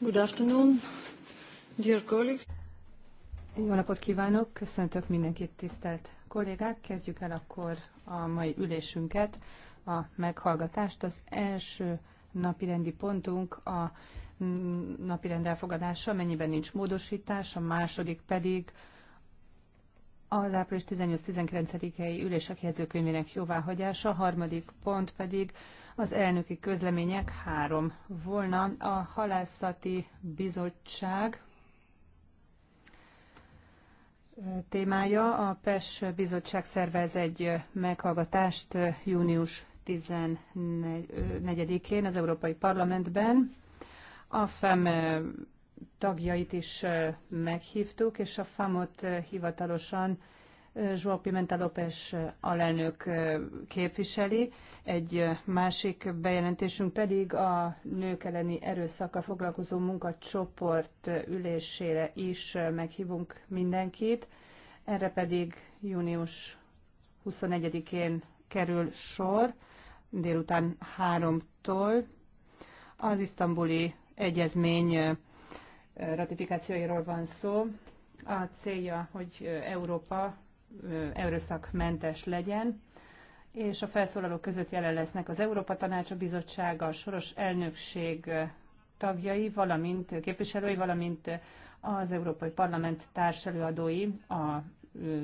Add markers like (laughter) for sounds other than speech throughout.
Good afternoon, dear colleagues. Jó napot kívánok, köszöntök mindenkit, tisztelt kollégák. Kezdjük el akkor a mai ülésünket, a meghallgatást. Az első napirendi pontunk a napirend elfogadása, mennyiben nincs módosítás, a második pedig az április 18-19-i ülések jegyzőkönyvének jóváhagyása, harmadik pont pedig az elnöki közlemények három volna. A halászati bizottság témája. A PES bizottság szervez egy meghallgatást június 14-én az Európai Parlamentben. A FEM tagjait is meghívtuk, és a FAMOT hivatalosan Zsó Pimenta López alelnök képviseli. Egy másik bejelentésünk pedig a nők elleni erőszakkal foglalkozó munkacsoport ülésére is meghívunk mindenkit. Erre pedig június 21-én kerül sor, délután háromtól. Az isztambuli egyezmény ratifikációiról van szó. A célja, hogy Európa erőszakmentes legyen, és a felszólalók között jelen lesznek az Európa Tanács, a Bizottság, a Soros Elnökség tagjai, valamint képviselői, valamint az Európai Parlament társelőadói az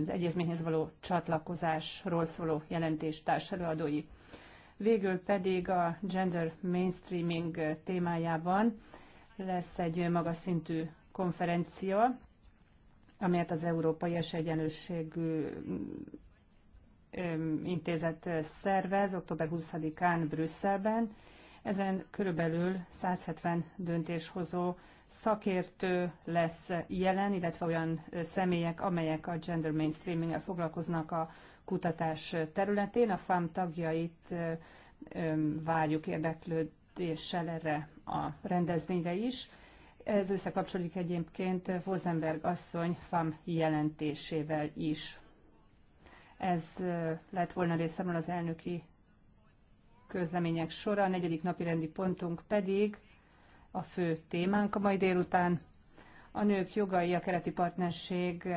egyezményhez való csatlakozásról szóló jelentés társelőadói. Végül pedig a gender mainstreaming témájában lesz egy magas szintű konferencia, amelyet az Európai Esegyenlőségű Intézet szervez október 20-án Brüsszelben. Ezen körülbelül 170 döntéshozó szakértő lesz jelen, illetve olyan személyek, amelyek a gender mainstreaming-el foglalkoznak a kutatás területén. A FAM tagjait várjuk érdeklőd, tekintéssel erre a rendezvényre is. Ez összekapcsolódik egyébként Vosenberg asszony FAM jelentésével is. Ez lett volna részemről az elnöki közlemények sora. A negyedik napi rendi pontunk pedig a fő témánk a mai délután. A nők jogai a kereti partnerség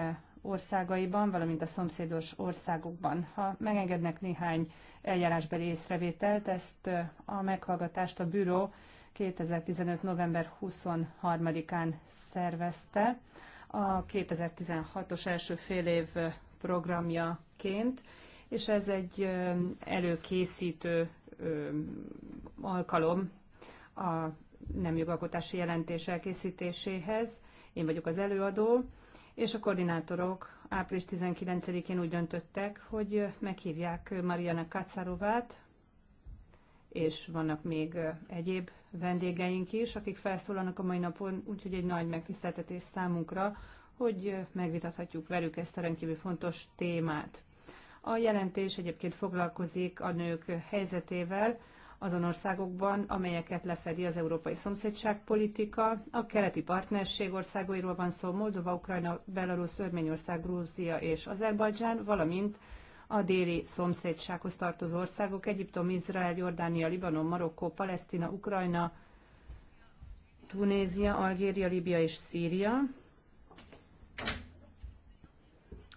országaiban, valamint a szomszédos országokban. Ha megengednek néhány eljárásbeli észrevételt, ezt a meghallgatást a bűró 2015. november 23-án szervezte a 2016-os első fél év programjaként, és ez egy előkészítő alkalom a nem jogalkotási jelentés elkészítéséhez. Én vagyok az előadó, és a koordinátorok április 19-én úgy döntöttek, hogy meghívják Mariana Kacarovát, és vannak még egyéb vendégeink is, akik felszólalnak a mai napon, úgyhogy egy nagy megtiszteltetés számunkra, hogy megvitathatjuk velük ezt a rendkívül fontos témát. A jelentés egyébként foglalkozik a nők helyzetével, azon országokban, amelyeket lefedi az európai politika, A keleti partnerség országairól van szó, Moldova, Ukrajna, Belarus, Örményország, Grúzia és Azerbajdzsán, valamint a déli szomszédsághoz tartozó országok, Egyiptom, Izrael, Jordánia, Libanon, Marokkó, Palesztina, Ukrajna, Tunézia, Algéria, Libia és Szíria.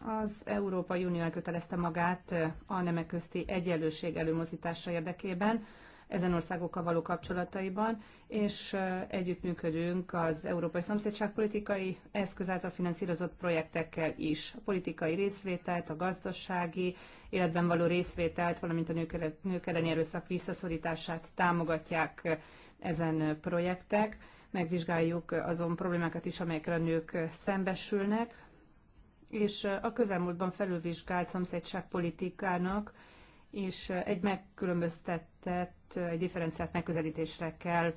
Az Európai Unió elkötelezte magát a nemek közti egyenlőség előmozítása érdekében, ezen országokkal való kapcsolataiban, és együttműködünk az Európai Szomszédságpolitikai eszköz által finanszírozott projektekkel is. A politikai részvételt, a gazdasági életben való részvételt, valamint a nők, nők elleni erőszak visszaszorítását támogatják ezen projektek. Megvizsgáljuk azon problémákat is, amelyekre a nők szembesülnek, és a közelmúltban felülvizsgált szomszédságpolitikának és egy megkülönböztetett, egy differenciált megközelítésre kell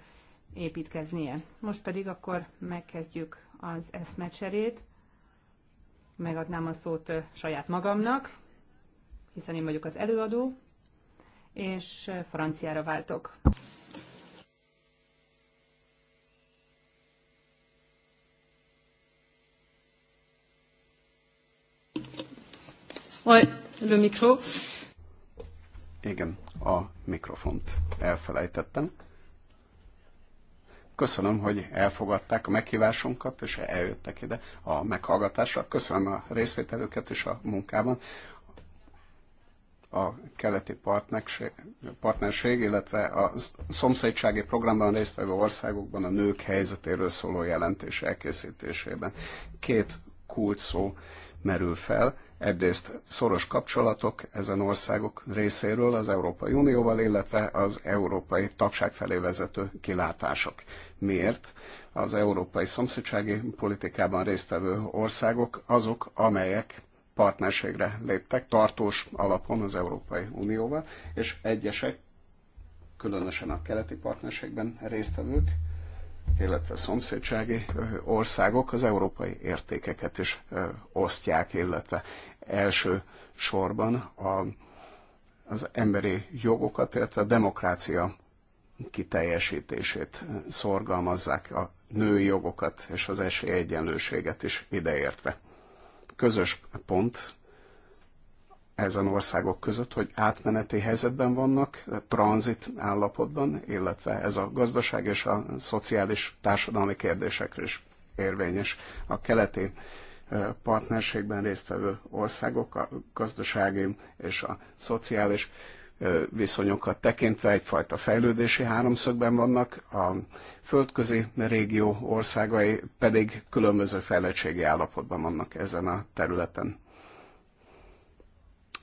építkeznie. Most pedig akkor megkezdjük az eszmecserét. Megadnám a szót saját magamnak, hiszen én vagyok az előadó, és franciára váltok. Ouais, le micro. Igen, a mikrofont elfelejtettem. Köszönöm, hogy elfogadták a meghívásunkat, és eljöttek ide a meghallgatásra. Köszönöm a részvételüket és a munkában. A keleti partnerség, partnerség, illetve a szomszédsági programban résztvevő országokban a nők helyzetéről szóló jelentés elkészítésében. Két kult szó merül fel. Egyrészt szoros kapcsolatok ezen országok részéről az Európai Unióval, illetve az európai tagság felé vezető kilátások. Miért? Az európai szomszédsági politikában résztvevő országok azok, amelyek partnerségre léptek tartós alapon az Európai Unióval, és egyesek, különösen a keleti partnerségben résztvevők, illetve szomszédsági országok az európai értékeket is osztják, illetve első sorban a, az emberi jogokat, illetve a demokrácia kiteljesítését szorgalmazzák, a női jogokat és az esélyegyenlőséget is ideértve. Közös pont ezen országok között, hogy átmeneti helyzetben vannak, tranzit állapotban, illetve ez a gazdaság és a szociális társadalmi kérdésekre is érvényes. A keleti partnerségben résztvevő országok a gazdasági és a szociális viszonyokat tekintve egyfajta fejlődési háromszögben vannak, a földközi régió országai pedig különböző fejlettségi állapotban vannak ezen a területen.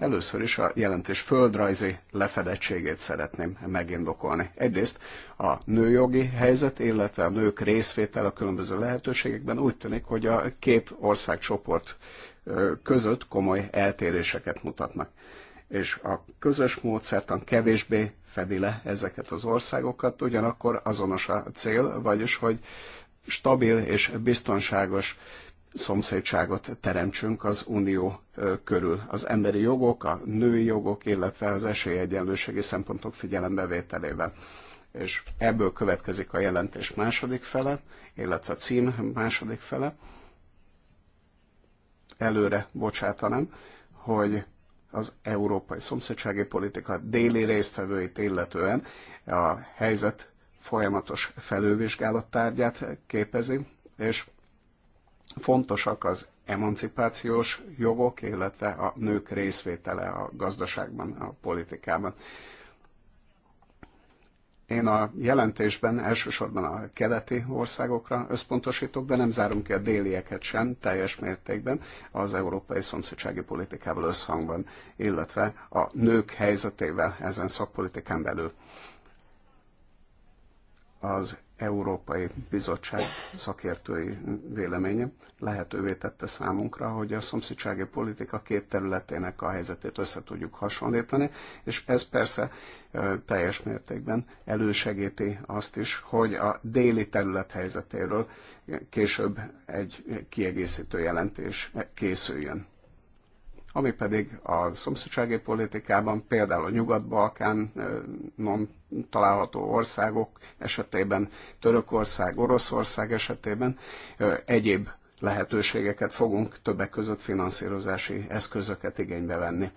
Először is a jelentés földrajzi lefedettségét szeretném megindokolni. Egyrészt a nőjogi helyzet, illetve a nők részvétel a különböző lehetőségekben úgy tűnik, hogy a két országcsoport között komoly eltéréseket mutatnak és a közös módszertan kevésbé fedi le ezeket az országokat, ugyanakkor azonos a cél, vagyis hogy stabil és biztonságos szomszédságot teremtsünk az unió körül. Az emberi jogok, a női jogok, illetve az esélyegyenlőségi szempontok figyelembevételével. És ebből következik a jelentés második fele, illetve a cím második fele. Előre bocsátanám, hogy az európai szomszédsági politika déli résztvevőit illetően a helyzet folyamatos felővizsgálat tárgyát képezi, és Fontosak az emancipációs jogok, illetve a nők részvétele a gazdaságban, a politikában. Én a jelentésben elsősorban a keleti országokra összpontosítok, de nem zárunk ki a délieket sem teljes mértékben az európai szomszédsági politikával összhangban, illetve a nők helyzetével ezen szakpolitikán belül az Európai Bizottság szakértői véleménye lehetővé tette számunkra, hogy a szomszédsági politika két területének a helyzetét össze tudjuk hasonlítani, és ez persze teljes mértékben elősegíti azt is, hogy a déli terület helyzetéről később egy kiegészítő jelentés készüljön ami pedig a szomszédsági politikában, például a Nyugat-Balkánon található országok esetében, Törökország, Oroszország esetében egyéb lehetőségeket fogunk többek között finanszírozási eszközöket igénybe venni,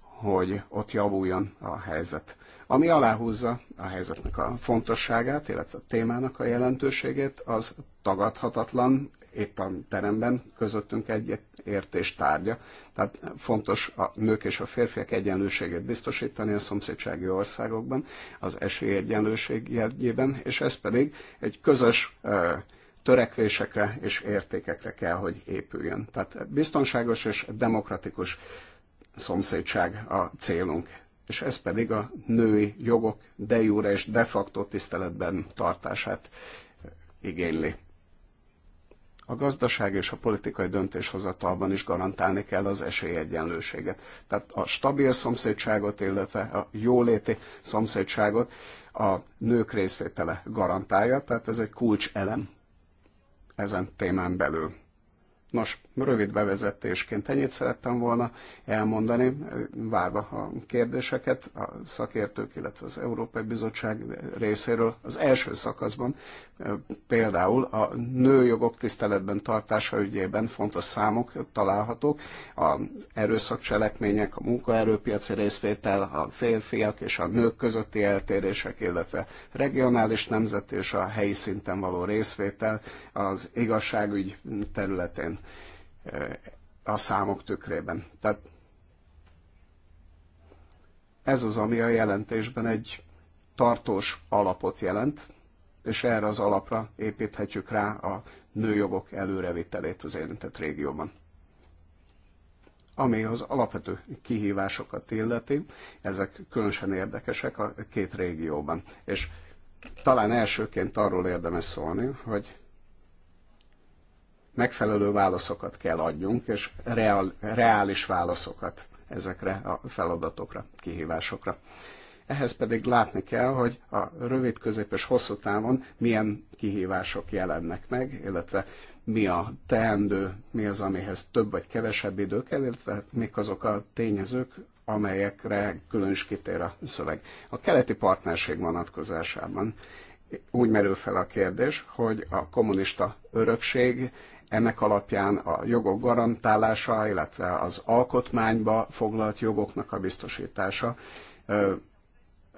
hogy ott javuljon a helyzet. Ami aláhúzza a helyzetnek a fontosságát, illetve a témának a jelentőségét, az tagadhatatlan épp a teremben közöttünk egy értés tárgya. Tehát fontos a nők és a férfiak egyenlőségét biztosítani a szomszédsági országokban, az esélyegyenlőség jegyében, és ez pedig egy közös törekvésekre és értékekre kell, hogy épüljön. Tehát biztonságos és demokratikus szomszédság a célunk és ez pedig a női jogok de jure és de facto tiszteletben tartását igényli a gazdaság és a politikai döntéshozatalban is garantálni kell az esélyegyenlőséget. Tehát a stabil szomszédságot, illetve a jóléti szomszédságot a nők részvétele garantálja, tehát ez egy kulcselem ezen témán belül. Nos, rövid bevezetésként ennyit szerettem volna elmondani, várva a kérdéseket a szakértők, illetve az Európai Bizottság részéről. Az első szakaszban például a nőjogok tiszteletben tartása ügyében fontos számok találhatók, az erőszakcselekmények, a munkaerőpiaci részvétel, a férfiak és a nők közötti eltérések, illetve regionális nemzet és a helyi szinten való részvétel az igazságügy területén eh, a számok tükrében. Tehát ez az, ami a jelentésben egy tartós alapot jelent, és erre az alapra építhetjük rá a nőjogok előrevitelét az érintett régióban. Ami az alapvető kihívásokat illeti, ezek különösen érdekesek a két régióban. És talán elsőként arról érdemes szólni, hogy megfelelő válaszokat kell adjunk, és reál, reális válaszokat ezekre a feladatokra, kihívásokra. Ehhez pedig látni kell, hogy a rövid, közép és hosszú távon milyen kihívások jelennek meg, illetve mi a teendő, mi az, amihez több vagy kevesebb idő kell, illetve mik azok a tényezők, amelyekre külön is kitér a szöveg. A keleti partnerség vonatkozásában úgy merül fel a kérdés, hogy a kommunista örökség ennek alapján a jogok garantálása, illetve az alkotmányba foglalt jogoknak a biztosítása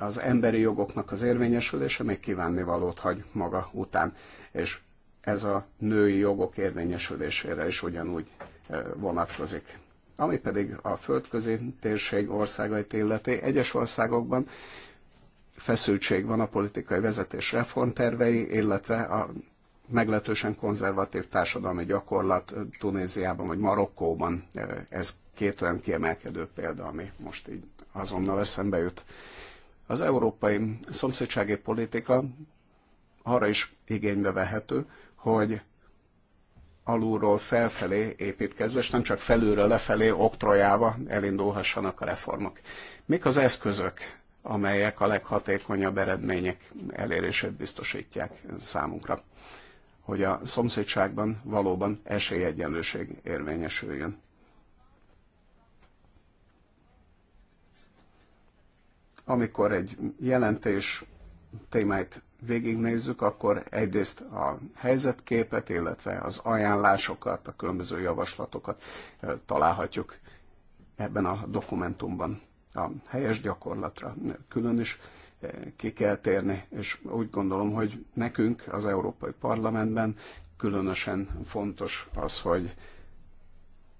az emberi jogoknak az érvényesülése még kívánnivalót hagy maga után. És ez a női jogok érvényesülésére is ugyanúgy e, vonatkozik. Ami pedig a földközi térség országait illeti, egyes országokban feszültség van a politikai vezetés reformtervei, illetve a meglehetősen konzervatív társadalmi gyakorlat Tunéziában vagy Marokkóban. E, ez két olyan kiemelkedő példa, ami most így azonnal eszembe jut. Az európai szomszédsági politika arra is igénybe vehető, hogy alulról felfelé építkezve, és nem csak felülről lefelé oktrojába elindulhassanak a reformok. Mik az eszközök, amelyek a leghatékonyabb eredmények elérését biztosítják számunkra, hogy a szomszédságban valóban esélyegyenlőség érvényesüljön? Amikor egy jelentés témáit végignézzük, akkor egyrészt a helyzetképet, illetve az ajánlásokat, a különböző javaslatokat találhatjuk ebben a dokumentumban. A helyes gyakorlatra külön is ki kell térni, és úgy gondolom, hogy nekünk az Európai Parlamentben különösen fontos az, hogy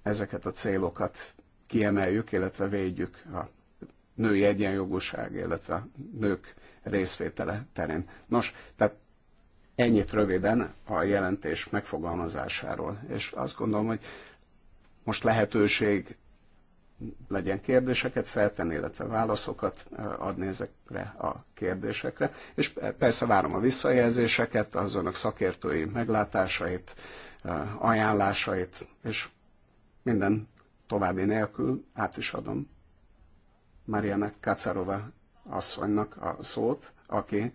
ezeket a célokat kiemeljük, illetve védjük a női egyenjogúság, illetve nők részvétele terén. Nos, tehát ennyit röviden a jelentés megfogalmazásáról, és azt gondolom, hogy most lehetőség legyen kérdéseket feltenni, illetve válaszokat adni ezekre a kérdésekre. És persze várom a visszajelzéseket, az önök szakértői meglátásait, ajánlásait, és minden további nélkül át is adom Mariana Kacarova asszonynak a szót, aki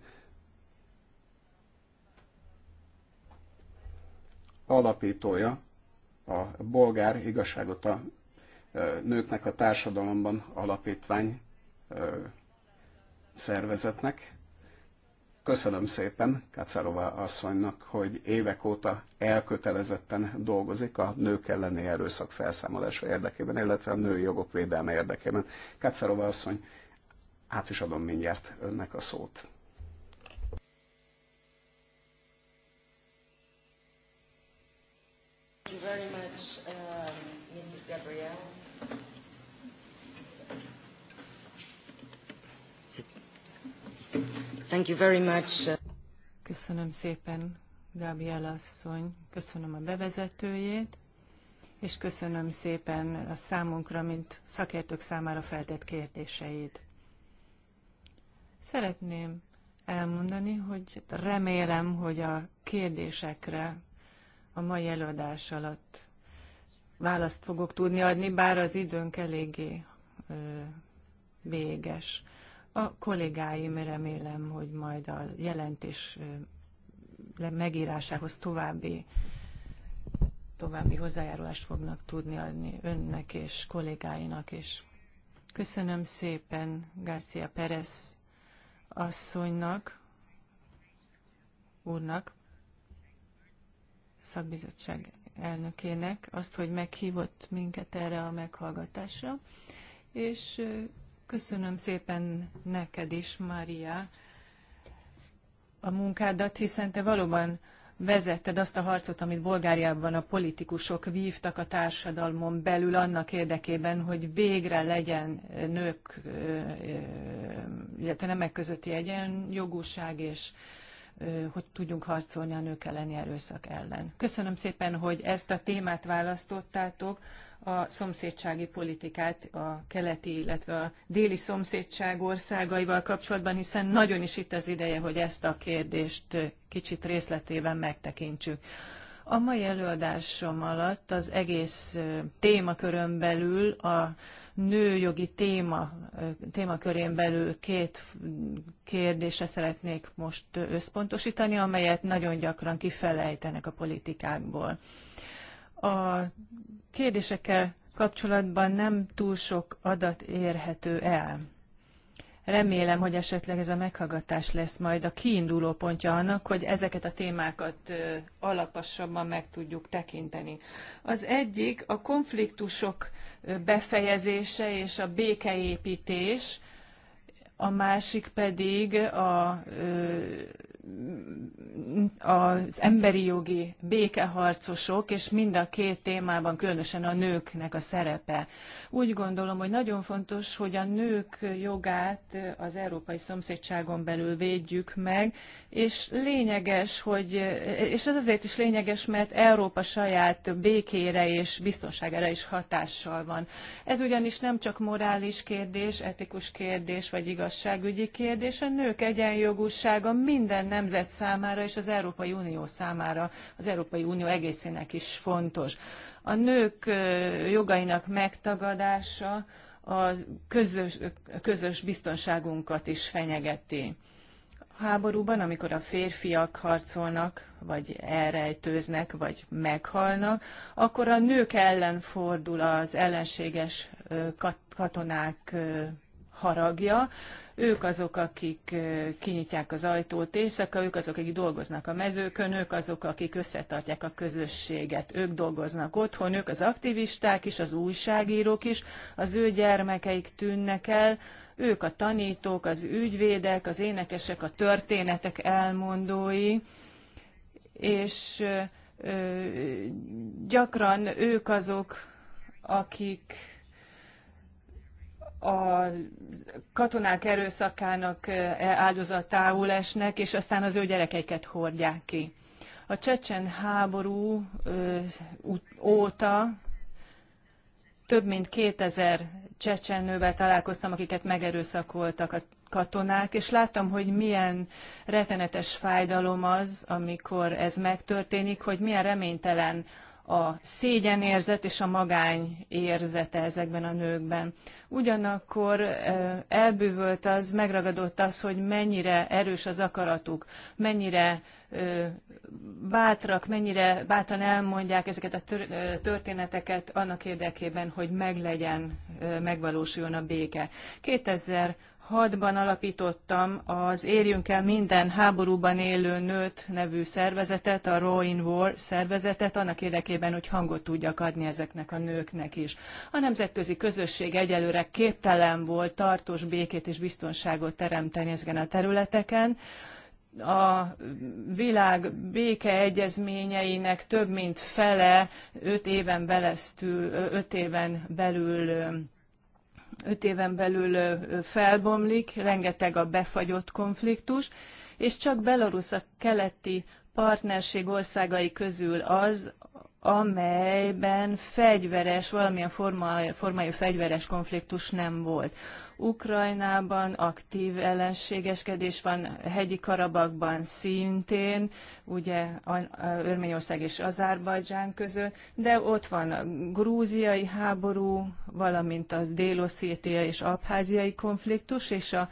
alapítója a Bolgár Igazságot a Nőknek a Társadalomban Alapítvány szervezetnek, Köszönöm szépen Kacarova asszonynak, hogy évek óta elkötelezetten dolgozik a nők elleni erőszak felszámolása érdekében, illetve a női jogok védelme érdekében. Kacarova asszony, át is adom mindjárt önnek a szót. Thank you very much. Uh... Thank you very much. Uh, köszönöm szépen, Gabriel asszony, köszönöm a bevezetőjét, és köszönöm szépen a számunkra, mint szakértők számára feltett kérdéseit. Szeretném elmondani, hogy remélem, hogy a kérdésekre a mai előadás alatt választ fogok tudni adni, bár az időnk eléggé ö, véges. A kollégáim remélem, hogy majd a jelentés megírásához további további hozzájárulást fognak tudni adni önnek és kollégáinak is. Köszönöm szépen Garcia Perez asszonynak, úrnak, szakbizottság elnökének azt, hogy meghívott minket erre a meghallgatásra, és Köszönöm szépen neked is, Mária, a munkádat, hiszen te valóban vezetted azt a harcot, amit Bulgáriában a politikusok vívtak a társadalmon belül annak érdekében, hogy végre legyen nők, illetve nemek közötti egyenjogúság, és hogy tudjunk harcolni a nők elleni erőszak ellen. Köszönöm szépen, hogy ezt a témát választottátok a szomszédsági politikát a keleti, illetve a déli szomszédság országaival kapcsolatban, hiszen nagyon is itt az ideje, hogy ezt a kérdést kicsit részletében megtekintsük. A mai előadásom alatt az egész témakörön belül, a nőjogi téma, témakörén belül két kérdésre szeretnék most összpontosítani, amelyet nagyon gyakran kifelejtenek a politikákból. A kérdésekkel kapcsolatban nem túl sok adat érhető el. Remélem, hogy esetleg ez a meghallgatás lesz majd a kiinduló pontja annak, hogy ezeket a témákat alaposabban meg tudjuk tekinteni. Az egyik a konfliktusok befejezése és a békeépítés, a másik pedig a az emberi jogi békeharcosok, és mind a két témában különösen a nőknek a szerepe. Úgy gondolom, hogy nagyon fontos, hogy a nők jogát az európai szomszédságon belül védjük meg, és lényeges, hogy, és ez azért is lényeges, mert Európa saját békére és biztonságára is hatással van. Ez ugyanis nem csak morális kérdés, etikus kérdés, vagy igazságügyi kérdés, a nők egyenjogúsága minden nemzet számára és az Európai Unió számára, az Európai Unió egészének is fontos. A nők jogainak megtagadása a közös, közös biztonságunkat is fenyegeti háborúban, amikor a férfiak harcolnak, vagy elrejtőznek, vagy meghalnak, akkor a nők ellen fordul az ellenséges katonák haragja. Ők azok, akik kinyitják az ajtót éjszaka, ők azok, akik dolgoznak a mezőkön, ők azok, akik összetartják a közösséget, ők dolgoznak otthon, ők az aktivisták is, az újságírók is, az ő gyermekeik tűnnek el, ők a tanítók, az ügyvédek, az énekesek, a történetek elmondói, és gyakran ők azok, akik a katonák erőszakának e, áldozatául esnek, és aztán az ő gyerekeiket hordják ki. A csecsen háború óta több mint 2000 csecsenővel találkoztam, akiket megerőszakoltak a katonák, és láttam, hogy milyen rettenetes fájdalom az, amikor ez megtörténik, hogy milyen reménytelen a szégyenérzet és a magány érzete ezekben a nőkben. Ugyanakkor elbűvölt az, megragadott az, hogy mennyire erős az akaratuk, mennyire bátrak, mennyire bátran elmondják ezeket a történeteket annak érdekében, hogy meglegyen, megvalósuljon a béke. 2000 2006-ban alapítottam az Érjünk el minden háborúban élő nőt nevű szervezetet, a Raw in War szervezetet, annak érdekében, hogy hangot tudjak adni ezeknek a nőknek is. A nemzetközi közösség egyelőre képtelen volt tartós békét és biztonságot teremteni ezeken a területeken, a világ békeegyezményeinek több mint fele öt éven, belesztül, öt éven belül öt éven belül felbomlik, rengeteg a befagyott konfliktus, és csak Belarus a keleti partnerség országai közül az, amelyben fegyveres, valamilyen formájú fegyveres konfliktus nem volt. Ukrajnában aktív ellenségeskedés van, hegyi Karabakban szintén, ugye Örményország és Azárbajdzsán között, de ott van a grúziai háború, valamint az délosszétia és abháziai konfliktus, és a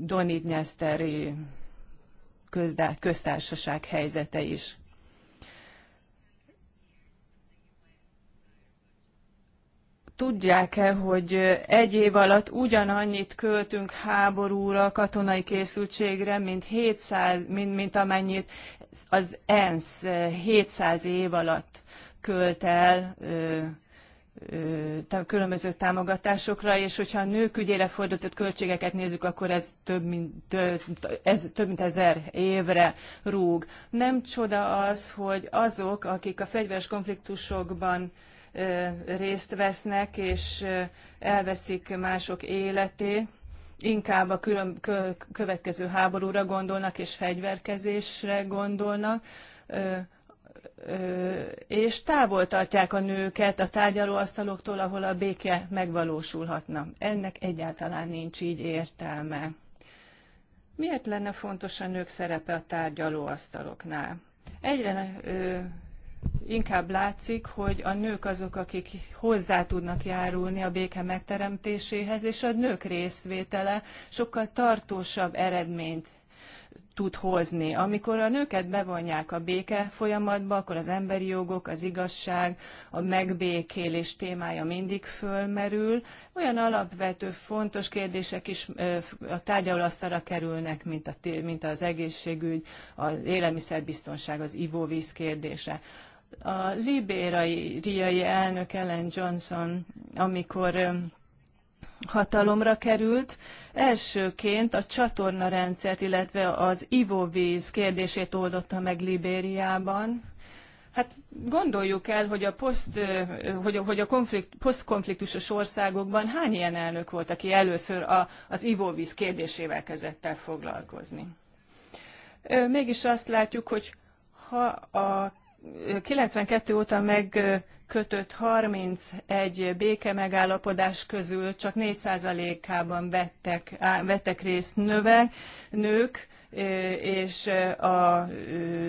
Donidnyeszteri köztársaság helyzete is. tudják-e, hogy egy év alatt ugyanannyit költünk háborúra, katonai készültségre, mint, 700, mint, mint amennyit az ENSZ 700 év alatt költ el ö, ö, különböző támogatásokra, és hogyha a nők ügyére fordított költségeket nézzük, akkor ez több mint, tö, ez több mint ezer évre rúg. Nem csoda az, hogy azok, akik a fegyveres konfliktusokban részt vesznek, és elveszik mások életét, inkább a külön, kö, következő háborúra gondolnak és fegyverkezésre gondolnak, ö, ö, és távol tartják a nőket a tárgyalóasztaloktól, ahol a béke megvalósulhatna. Ennek egyáltalán nincs így értelme. Miért lenne fontos a nők szerepe a tárgyalóasztaloknál? Egyre ö, inkább látszik, hogy a nők azok, akik hozzá tudnak járulni a béke megteremtéséhez, és a nők részvétele sokkal tartósabb eredményt tud hozni. Amikor a nőket bevonják a béke folyamatba, akkor az emberi jogok, az igazság, a megbékélés témája mindig fölmerül. Olyan alapvető fontos kérdések is a tárgyalasztalra kerülnek, mint, a, mint az egészségügy, az élelmiszerbiztonság, az ivóvíz kérdése. A libérai riai elnök Ellen Johnson, amikor hatalomra került. Elsőként a csatornarendszert, illetve az ivóvíz kérdését oldotta meg Libériában. Hát gondoljuk el, hogy a, poszt, hogy, a, hogy a konflikt, posztkonfliktusos országokban hány ilyen elnök volt, aki először a, az ivóvíz kérdésével kezdett el foglalkozni. Mégis azt látjuk, hogy ha a 92 óta megkötött 31 béke megállapodás közül csak 4%-ában vettek, vettek részt növek, nők, és a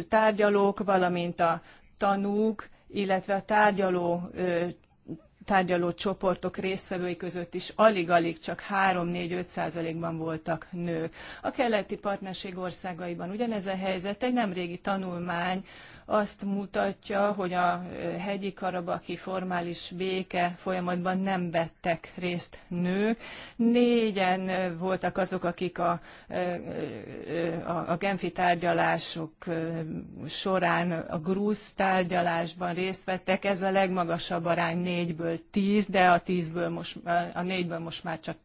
tárgyalók, valamint a tanúk, illetve a tárgyaló tárgyaló csoportok résztvevői között is alig-alig csak 3-4-5 százalékban voltak nők. A keleti partnerség országaiban ugyanez a helyzet, egy nemrégi tanulmány azt mutatja, hogy a hegyi karabaki formális béke folyamatban nem vettek részt nők. Négyen voltak azok, akik a, a, a Genfi tárgyalások során a grúz tárgyalásban részt vettek. Ez a legmagasabb arány négyből tíz, de a tízből most, a négyből most már csak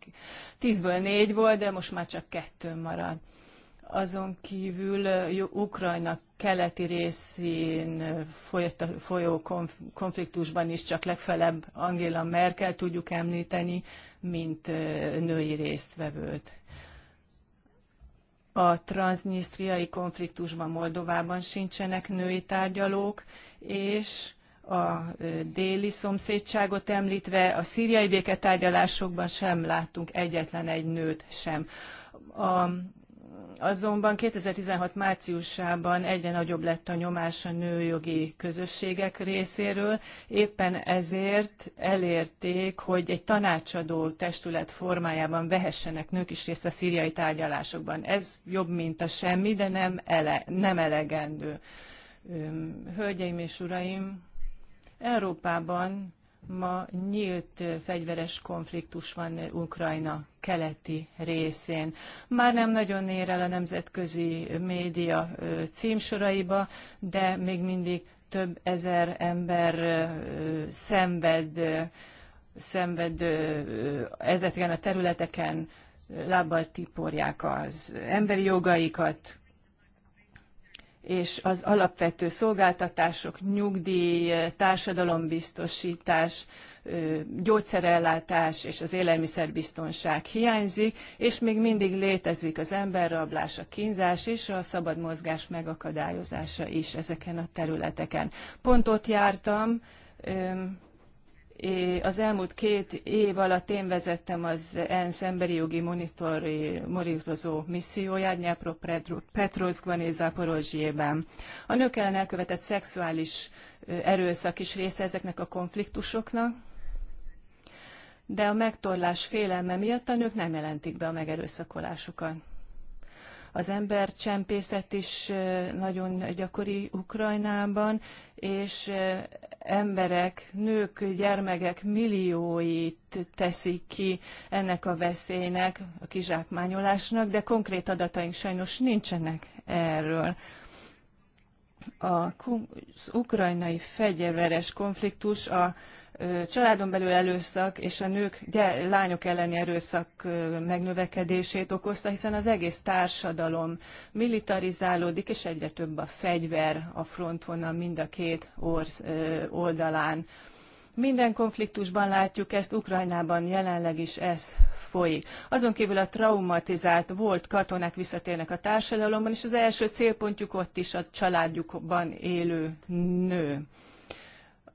tízből négy volt, de most már csak kettő marad azon kívül Ukrajna keleti részén folyó konfliktusban is csak legfelebb Angela Merkel tudjuk említeni, mint női résztvevőt. A transznisztriai konfliktusban Moldovában sincsenek női tárgyalók, és a déli szomszédságot említve a szíriai béketárgyalásokban sem láttunk egyetlen egy nőt sem. A Azonban 2016 márciusában egyre nagyobb lett a nyomás a nőjogi közösségek részéről, éppen ezért elérték, hogy egy tanácsadó testület formájában vehessenek nők is részt a szíriai tárgyalásokban. Ez jobb, mint a semmi, de nem, ele, nem elegendő. Hölgyeim és uraim, Európában Ma nyílt fegyveres konfliktus van Ukrajna keleti részén. Már nem nagyon ér el a nemzetközi média címsoraiba, de még mindig több ezer ember szenved, szenved ezeken a területeken, lábbal tiporják az emberi jogaikat, és az alapvető szolgáltatások, nyugdíj, társadalombiztosítás, gyógyszerellátás és az élelmiszerbiztonság hiányzik, és még mindig létezik az emberrablás, a kínzás és a szabad mozgás megakadályozása is ezeken a területeken. Pont ott jártam, az elmúlt két év alatt én vezettem az ENSZ emberi jogi monitori, monitorozó misszióját Nyepro Petroszkban és Zaporozsjében. A nők ellen elkövetett szexuális erőszak is része ezeknek a konfliktusoknak, de a megtorlás félelme miatt a nők nem jelentik be a megerőszakolásukat. Az embercsempészet is nagyon gyakori Ukrajnában, és emberek, nők, gyermekek millióit teszik ki ennek a veszélynek, a kizsákmányolásnak, de konkrét adataink sajnos nincsenek erről a, az ukrajnai fegyveres konfliktus a családon belül előszak és a nők, lányok elleni erőszak megnövekedését okozta, hiszen az egész társadalom militarizálódik, és egyre több a fegyver a frontvonal mind a két orsz, oldalán. Minden konfliktusban látjuk ezt, Ukrajnában jelenleg is ez folyik. Azon kívül a traumatizált volt katonák visszatérnek a társadalomban, és az első célpontjuk ott is a családjukban élő nő.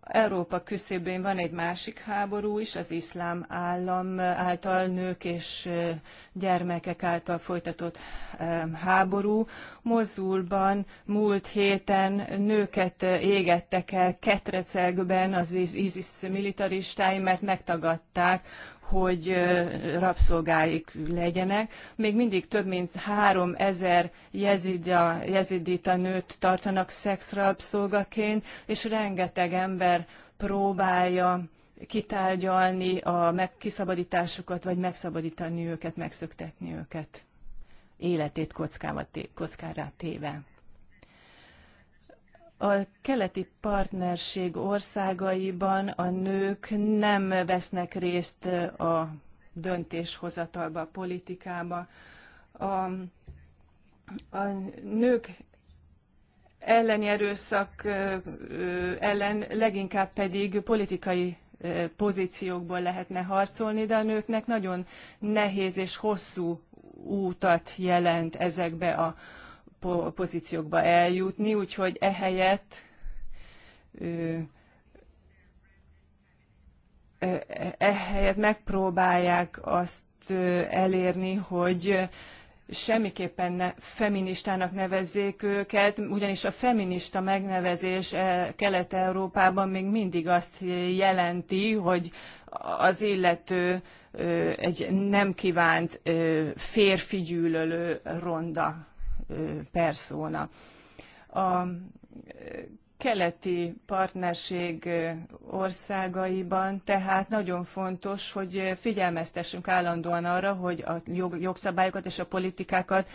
Európa küszöbén van egy másik háború is, az iszlám állam által nők és gyermekek által folytatott háború. Mozulban múlt héten nőket égettek el ketrecelgben az ISIS militaristái, mert megtagadták hogy rabszolgáik legyenek. Még mindig több mint három ezer jezidita nőt tartanak szexrabszolgaként, és rengeteg ember próbálja kitárgyalni a meg, kiszabadításukat, vagy megszabadítani őket, megszöktetni őket életét kockába kockára téve a keleti partnerség országaiban a nők nem vesznek részt a döntéshozatalba, a politikába. A, a nők elleni erőszak ellen leginkább pedig politikai pozíciókból lehetne harcolni, de a nőknek nagyon nehéz és hosszú útat jelent ezekbe a pozíciókba eljutni, úgyhogy ehelyett e, e-, ehelyett megpróbálják azt elérni, hogy semmiképpen ne feministának nevezzék őket, ugyanis a feminista megnevezés e, Kelet-Európában még mindig azt jelenti, hogy az illető egy nem kívánt férfi gyűlölő ronda perszóna. A keleti partnerség országaiban, tehát nagyon fontos, hogy figyelmeztessünk állandóan arra, hogy a jogszabályokat és a politikákat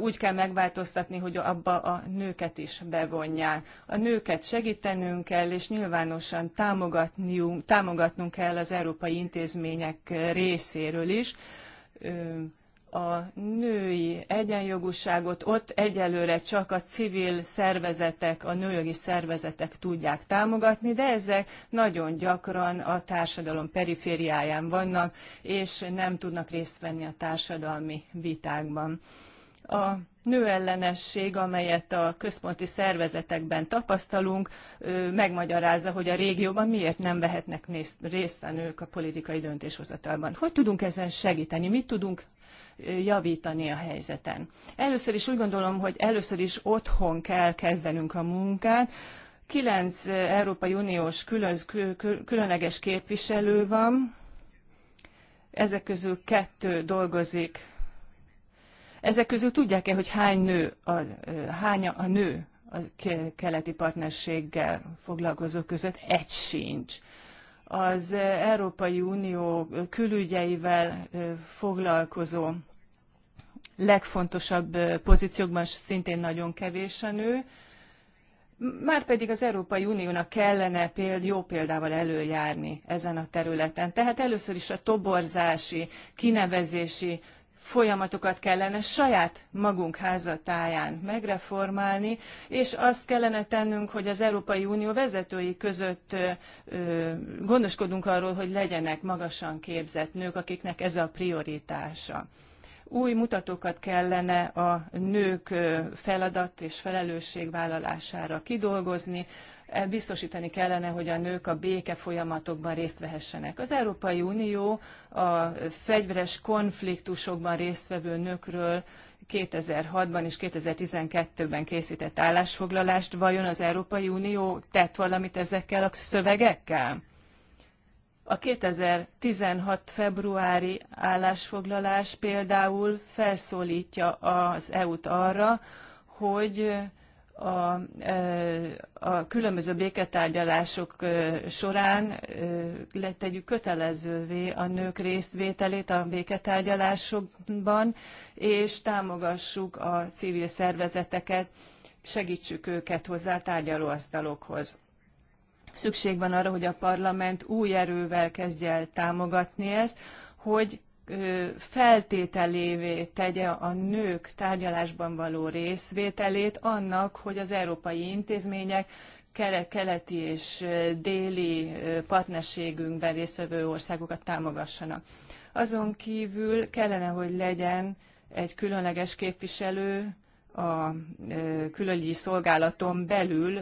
úgy kell megváltoztatni, hogy abba a nőket is bevonják. A nőket segítenünk kell, és nyilvánosan támogatnunk kell az európai intézmények részéről is a női egyenjogúságot ott egyelőre csak a civil szervezetek, a nőjogi szervezetek tudják támogatni, de ezek nagyon gyakran a társadalom perifériáján vannak, és nem tudnak részt venni a társadalmi vitákban. A nőellenesség, amelyet a központi szervezetekben tapasztalunk, megmagyarázza, hogy a régióban miért nem vehetnek részt a nők a politikai döntéshozatalban. Hogy tudunk ezen segíteni? Mit tudunk javítani a helyzeten. Először is úgy gondolom, hogy először is otthon kell kezdenünk a munkát, kilenc Európai Uniós külön, különleges képviselő van, ezek közül kettő dolgozik. Ezek közül tudják-e, hogy hány nő a, hánya a nő a keleti partnerséggel foglalkozók között? Egy sincs az Európai Unió külügyeivel foglalkozó legfontosabb pozíciókban szintén nagyon kevés a nő. Márpedig az Európai Uniónak kellene péld, jó példával előjárni ezen a területen. Tehát először is a toborzási, kinevezési folyamatokat kellene saját magunk házatáján megreformálni, és azt kellene tennünk, hogy az Európai Unió vezetői között gondoskodunk arról, hogy legyenek magasan képzett nők, akiknek ez a prioritása. Új mutatókat kellene a nők feladat és felelősségvállalására kidolgozni, biztosítani kellene, hogy a nők a béke folyamatokban részt vehessenek. Az Európai Unió a fegyveres konfliktusokban résztvevő nőkről 2006-ban és 2012-ben készített állásfoglalást, vajon az Európai Unió tett valamit ezekkel a szövegekkel? A 2016. februári állásfoglalás például felszólítja az EU-t arra, hogy a, a különböző béketárgyalások során letegyük kötelezővé a nők résztvételét a béketárgyalásokban, és támogassuk a civil szervezeteket, segítsük őket hozzá tárgyalóasztalokhoz. Szükség van arra, hogy a parlament új erővel kezdje el támogatni ezt, hogy feltételévé tegye a nők tárgyalásban való részvételét annak, hogy az európai intézmények keleti és déli partnerségünkben résztvevő országokat támogassanak. Azon kívül kellene, hogy legyen egy különleges képviselő a külügyi szolgálaton belül,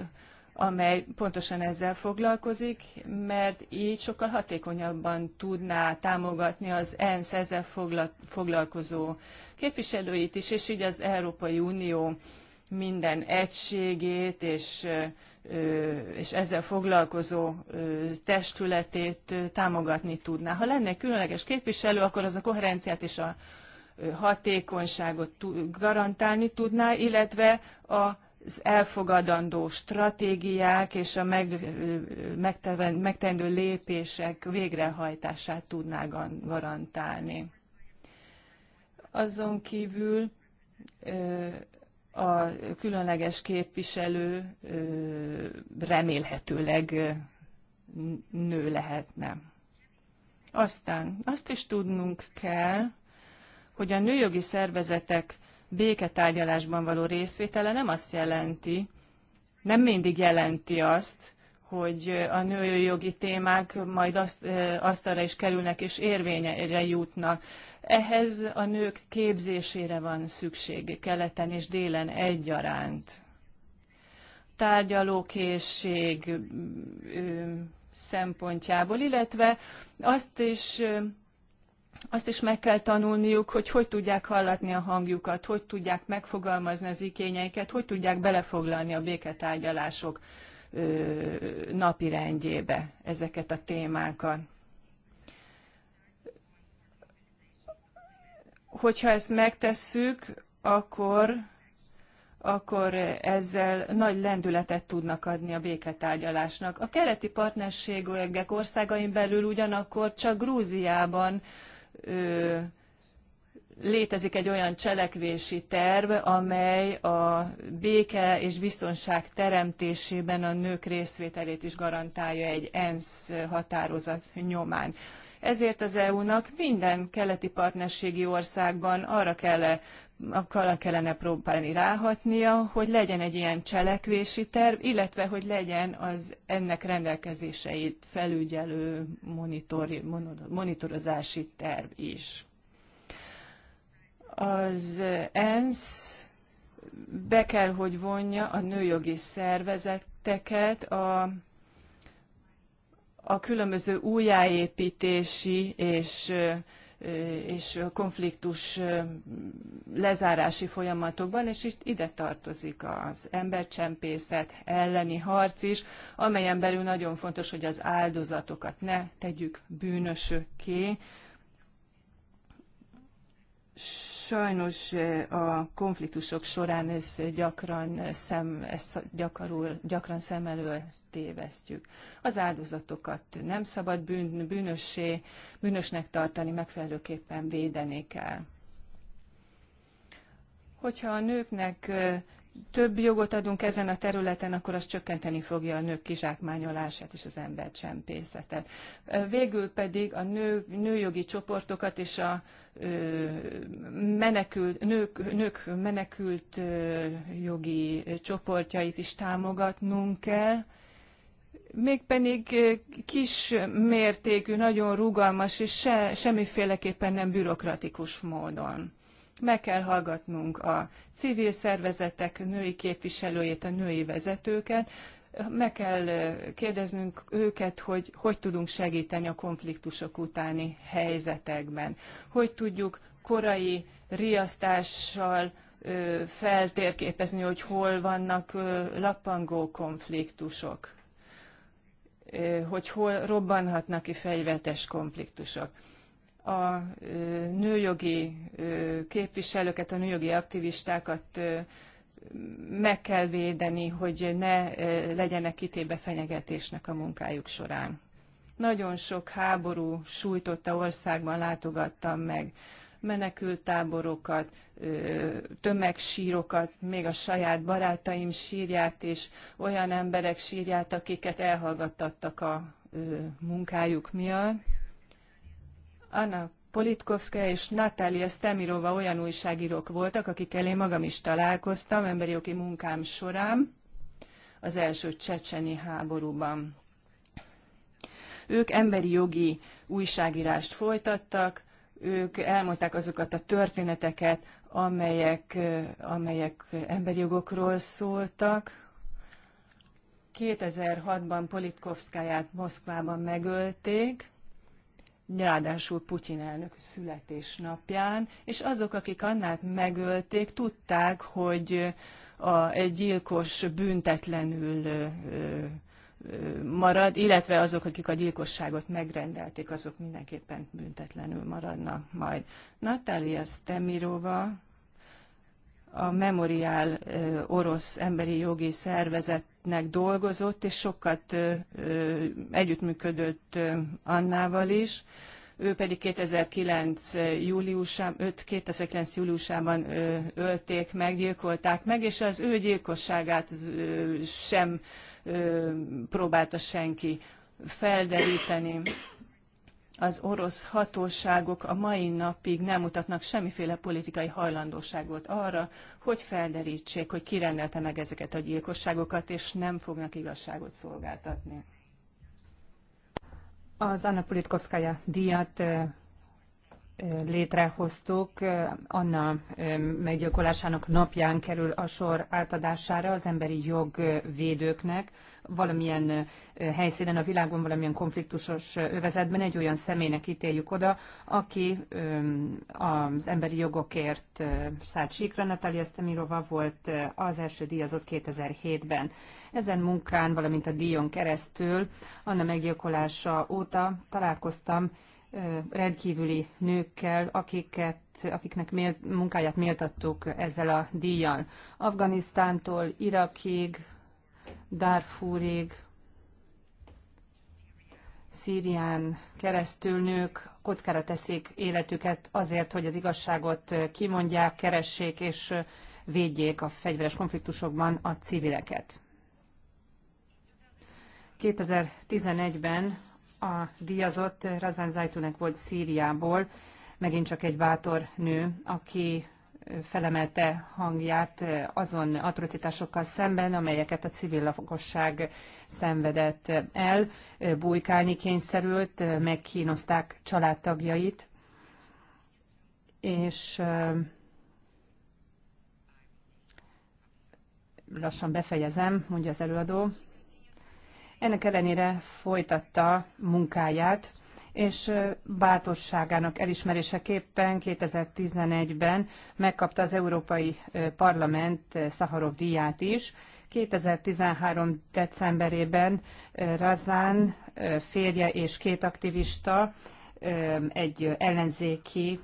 amely pontosan ezzel foglalkozik, mert így sokkal hatékonyabban tudná támogatni az ENSZ ezzel foglalkozó képviselőit is, és így az Európai Unió minden egységét és, és ezzel foglalkozó testületét támogatni tudná. Ha lenne különleges képviselő, akkor az a koherenciát és a hatékonyságot garantálni tudná, illetve a elfogadandó stratégiák és a meg, megtendő lépések végrehajtását tudná garantálni. Azon kívül a különleges képviselő remélhetőleg nő lehetne. Aztán azt is tudnunk kell, hogy a nőjogi szervezetek béketárgyalásban való részvétele nem azt jelenti, nem mindig jelenti azt, hogy a női jogi témák majd azt, asztalra is kerülnek és érvényre jutnak. Ehhez a nők képzésére van szükség keleten és délen egyaránt. Tárgyalókészség szempontjából, illetve azt is azt is meg kell tanulniuk, hogy hogy tudják hallatni a hangjukat, hogy tudják megfogalmazni az ikényeiket, hogy tudják belefoglalni a béketárgyalások napirendjébe ezeket a témákat. Hogyha ezt megtesszük, akkor, akkor ezzel nagy lendületet tudnak adni a béketárgyalásnak. A kereti partnerségek országain belül ugyanakkor csak Grúziában létezik egy olyan cselekvési terv, amely a béke és biztonság teremtésében a nők részvételét is garantálja egy ENSZ határozat nyomán. Ezért az EU-nak minden keleti partnerségi országban arra kell -e kellene próbálni ráhatnia, hogy legyen egy ilyen cselekvési terv, illetve hogy legyen az ennek rendelkezéseit felügyelő monitori, monitorozási terv is. Az ENSZ be kell, hogy vonja a nőjogi szervezeteket a a különböző újjáépítési és és konfliktus lezárási folyamatokban, és itt ide tartozik az embercsempészet elleni harc is, amelyen belül nagyon fontos, hogy az áldozatokat ne tegyük bűnösökké. Sajnos a konfliktusok során ez gyakran, szem, ez gyakran szem elől tévesztjük. Az áldozatokat nem szabad bűn, bűnössé, bűnösnek tartani, megfelelőképpen védeni kell. Hogyha a nőknek több jogot adunk ezen a területen, akkor az csökkenteni fogja a nők kizsákmányolását és az embercsempészetet. Végül pedig a nő, nőjogi csoportokat és a ö, menekült, nők, nők menekült ö, jogi csoportjait is támogatnunk kell mégpedig kis mértékű, nagyon rugalmas és se, semmiféleképpen nem bürokratikus módon. Meg kell hallgatnunk a civil szervezetek női képviselőjét, a női vezetőket, meg kell kérdeznünk őket, hogy hogy tudunk segíteni a konfliktusok utáni helyzetekben. Hogy tudjuk korai riasztással feltérképezni, hogy hol vannak lappangó konfliktusok hogy hol robbanhatnak ki fegyvertes konfliktusok. A nőjogi képviselőket, a nőjogi aktivistákat meg kell védeni, hogy ne legyenek kitébe fenyegetésnek a munkájuk során. Nagyon sok háború sújtotta országban látogattam meg menekültáborokat, tömegsírokat, még a saját barátaim sírját és olyan emberek sírját, akiket elhallgattattak a munkájuk miatt. Anna Politkovska és Natália Stemirova olyan újságírók voltak, akikkel én magam is találkoztam emberi jogi munkám során, az első csecseni háborúban. Ők emberi jogi újságírást folytattak, ők elmondták azokat a történeteket, amelyek, amelyek emberi jogokról szóltak. 2006-ban Politkovszkáját Moszkvában megölték, ráadásul Putyin elnök születésnapján, és azok, akik annát megölték, tudták, hogy a, egy gyilkos büntetlenül ö, ö, marad, illetve azok, akik a gyilkosságot megrendelték, azok mindenképpen büntetlenül maradnak majd. Natália Stemirova, a Memorial orosz emberi jogi szervezetnek dolgozott, és sokat együttműködött Annával is. Ő pedig 2009. júliusában, 5, 2009. júliusában ölték meg, gyilkolták meg, és az ő gyilkosságát sem próbálta senki felderíteni. Az orosz hatóságok a mai napig nem mutatnak semmiféle politikai hajlandóságot arra, hogy felderítsék, hogy kirendelte meg ezeket a gyilkosságokat, és nem fognak igazságot szolgáltatni. Az Anna Politkovskaya díjat létrehoztuk, Anna meggyilkolásának napján kerül a sor átadására az emberi jogvédőknek valamilyen helyszínen a világon, valamilyen konfliktusos övezetben egy olyan személynek ítéljük oda, aki az emberi jogokért szállt síkra. Natalia Stemirova volt az első díjazott 2007-ben. Ezen munkán, valamint a díjon keresztül Anna meggyilkolása óta találkoztam rendkívüli nőkkel, akiket, akiknek mélt, munkáját méltattuk ezzel a díjjal. Afganisztántól Irakig, Darfurig, Szírián keresztül nők kockára teszik életüket azért, hogy az igazságot kimondják, keressék és védjék a fegyveres konfliktusokban a civileket. 2011-ben a díjazott Razan Zajtunek volt Szíriából, megint csak egy bátor nő, aki felemelte hangját azon atrocitásokkal szemben, amelyeket a civil lakosság szenvedett el, bujkálni kényszerült, megkínozták családtagjait, és lassan befejezem, mondja az előadó. Ennek ellenére folytatta munkáját, és bátorságának elismeréseképpen 2011-ben megkapta az Európai Parlament Szaharov díját is. 2013. decemberében Razán férje és két aktivista egy ellenzéki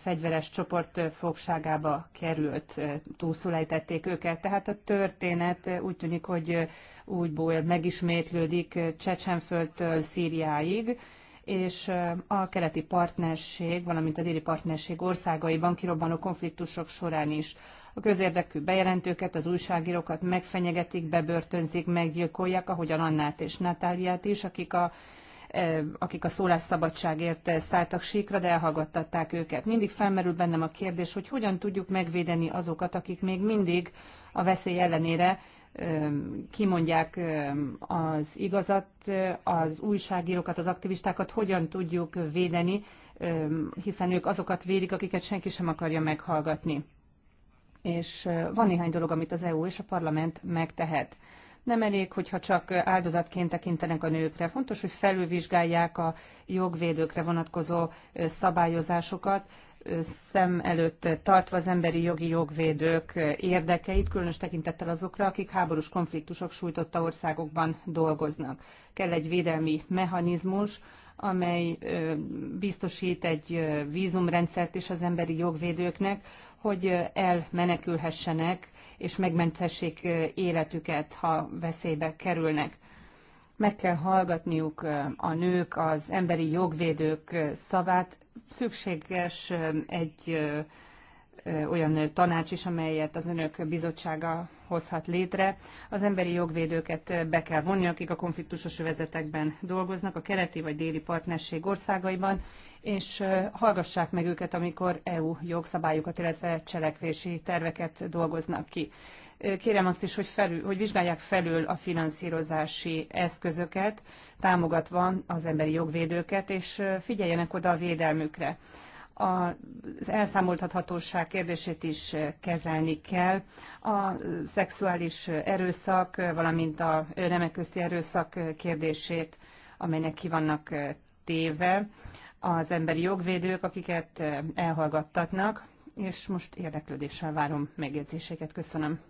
fegyveres csoport fogságába került, túlszulejtették őket. Tehát a történet úgy tűnik, hogy úgyból megismétlődik Csecsenföldtől Szíriáig, és a keleti partnerség, valamint a déli partnerség országaiban kirobbanó konfliktusok során is. A közérdekű bejelentőket, az újságírókat megfenyegetik, bebörtönzik, meggyilkolják, ahogyan Annát és Natáliát is, akik a E, akik a szólásszabadságért e, szálltak síkra, de elhallgattatták őket. Mindig felmerül bennem a kérdés, hogy hogyan tudjuk megvédeni azokat, akik még mindig a veszély ellenére e, kimondják az igazat, az újságírókat, az aktivistákat hogyan tudjuk védeni, hiszen ők azokat védik, akiket senki sem akarja meghallgatni. És van néhány dolog, amit az EU és a parlament megtehet. Nem elég, hogyha csak áldozatként tekintenek a nőkre. Fontos, hogy felülvizsgálják a jogvédőkre vonatkozó szabályozásokat, szem előtt tartva az emberi jogi jogvédők érdekeit, különös tekintettel azokra, akik háborús konfliktusok sújtotta országokban dolgoznak. Kell egy védelmi mechanizmus, amely biztosít egy vízumrendszert is az emberi jogvédőknek, hogy elmenekülhessenek és megmenthessék életüket, ha veszélybe kerülnek. Meg kell hallgatniuk a nők, az emberi jogvédők szavát. Szükséges egy olyan tanács is, amelyet az önök bizottsága hozhat létre. Az emberi jogvédőket be kell vonni, akik a konfliktusos övezetekben dolgoznak, a keleti vagy déli partnerség országaiban, és hallgassák meg őket, amikor EU jogszabályokat, illetve cselekvési terveket dolgoznak ki. Kérem azt is, hogy, felül, hogy vizsgálják felül a finanszírozási eszközöket, támogatva az emberi jogvédőket, és figyeljenek oda a védelmükre az elszámoltathatóság kérdését is kezelni kell. A szexuális erőszak, valamint a nemek közti erőszak kérdését, amelynek ki vannak téve az emberi jogvédők, akiket elhallgattatnak, és most érdeklődéssel várom megjegyzéseket. Köszönöm.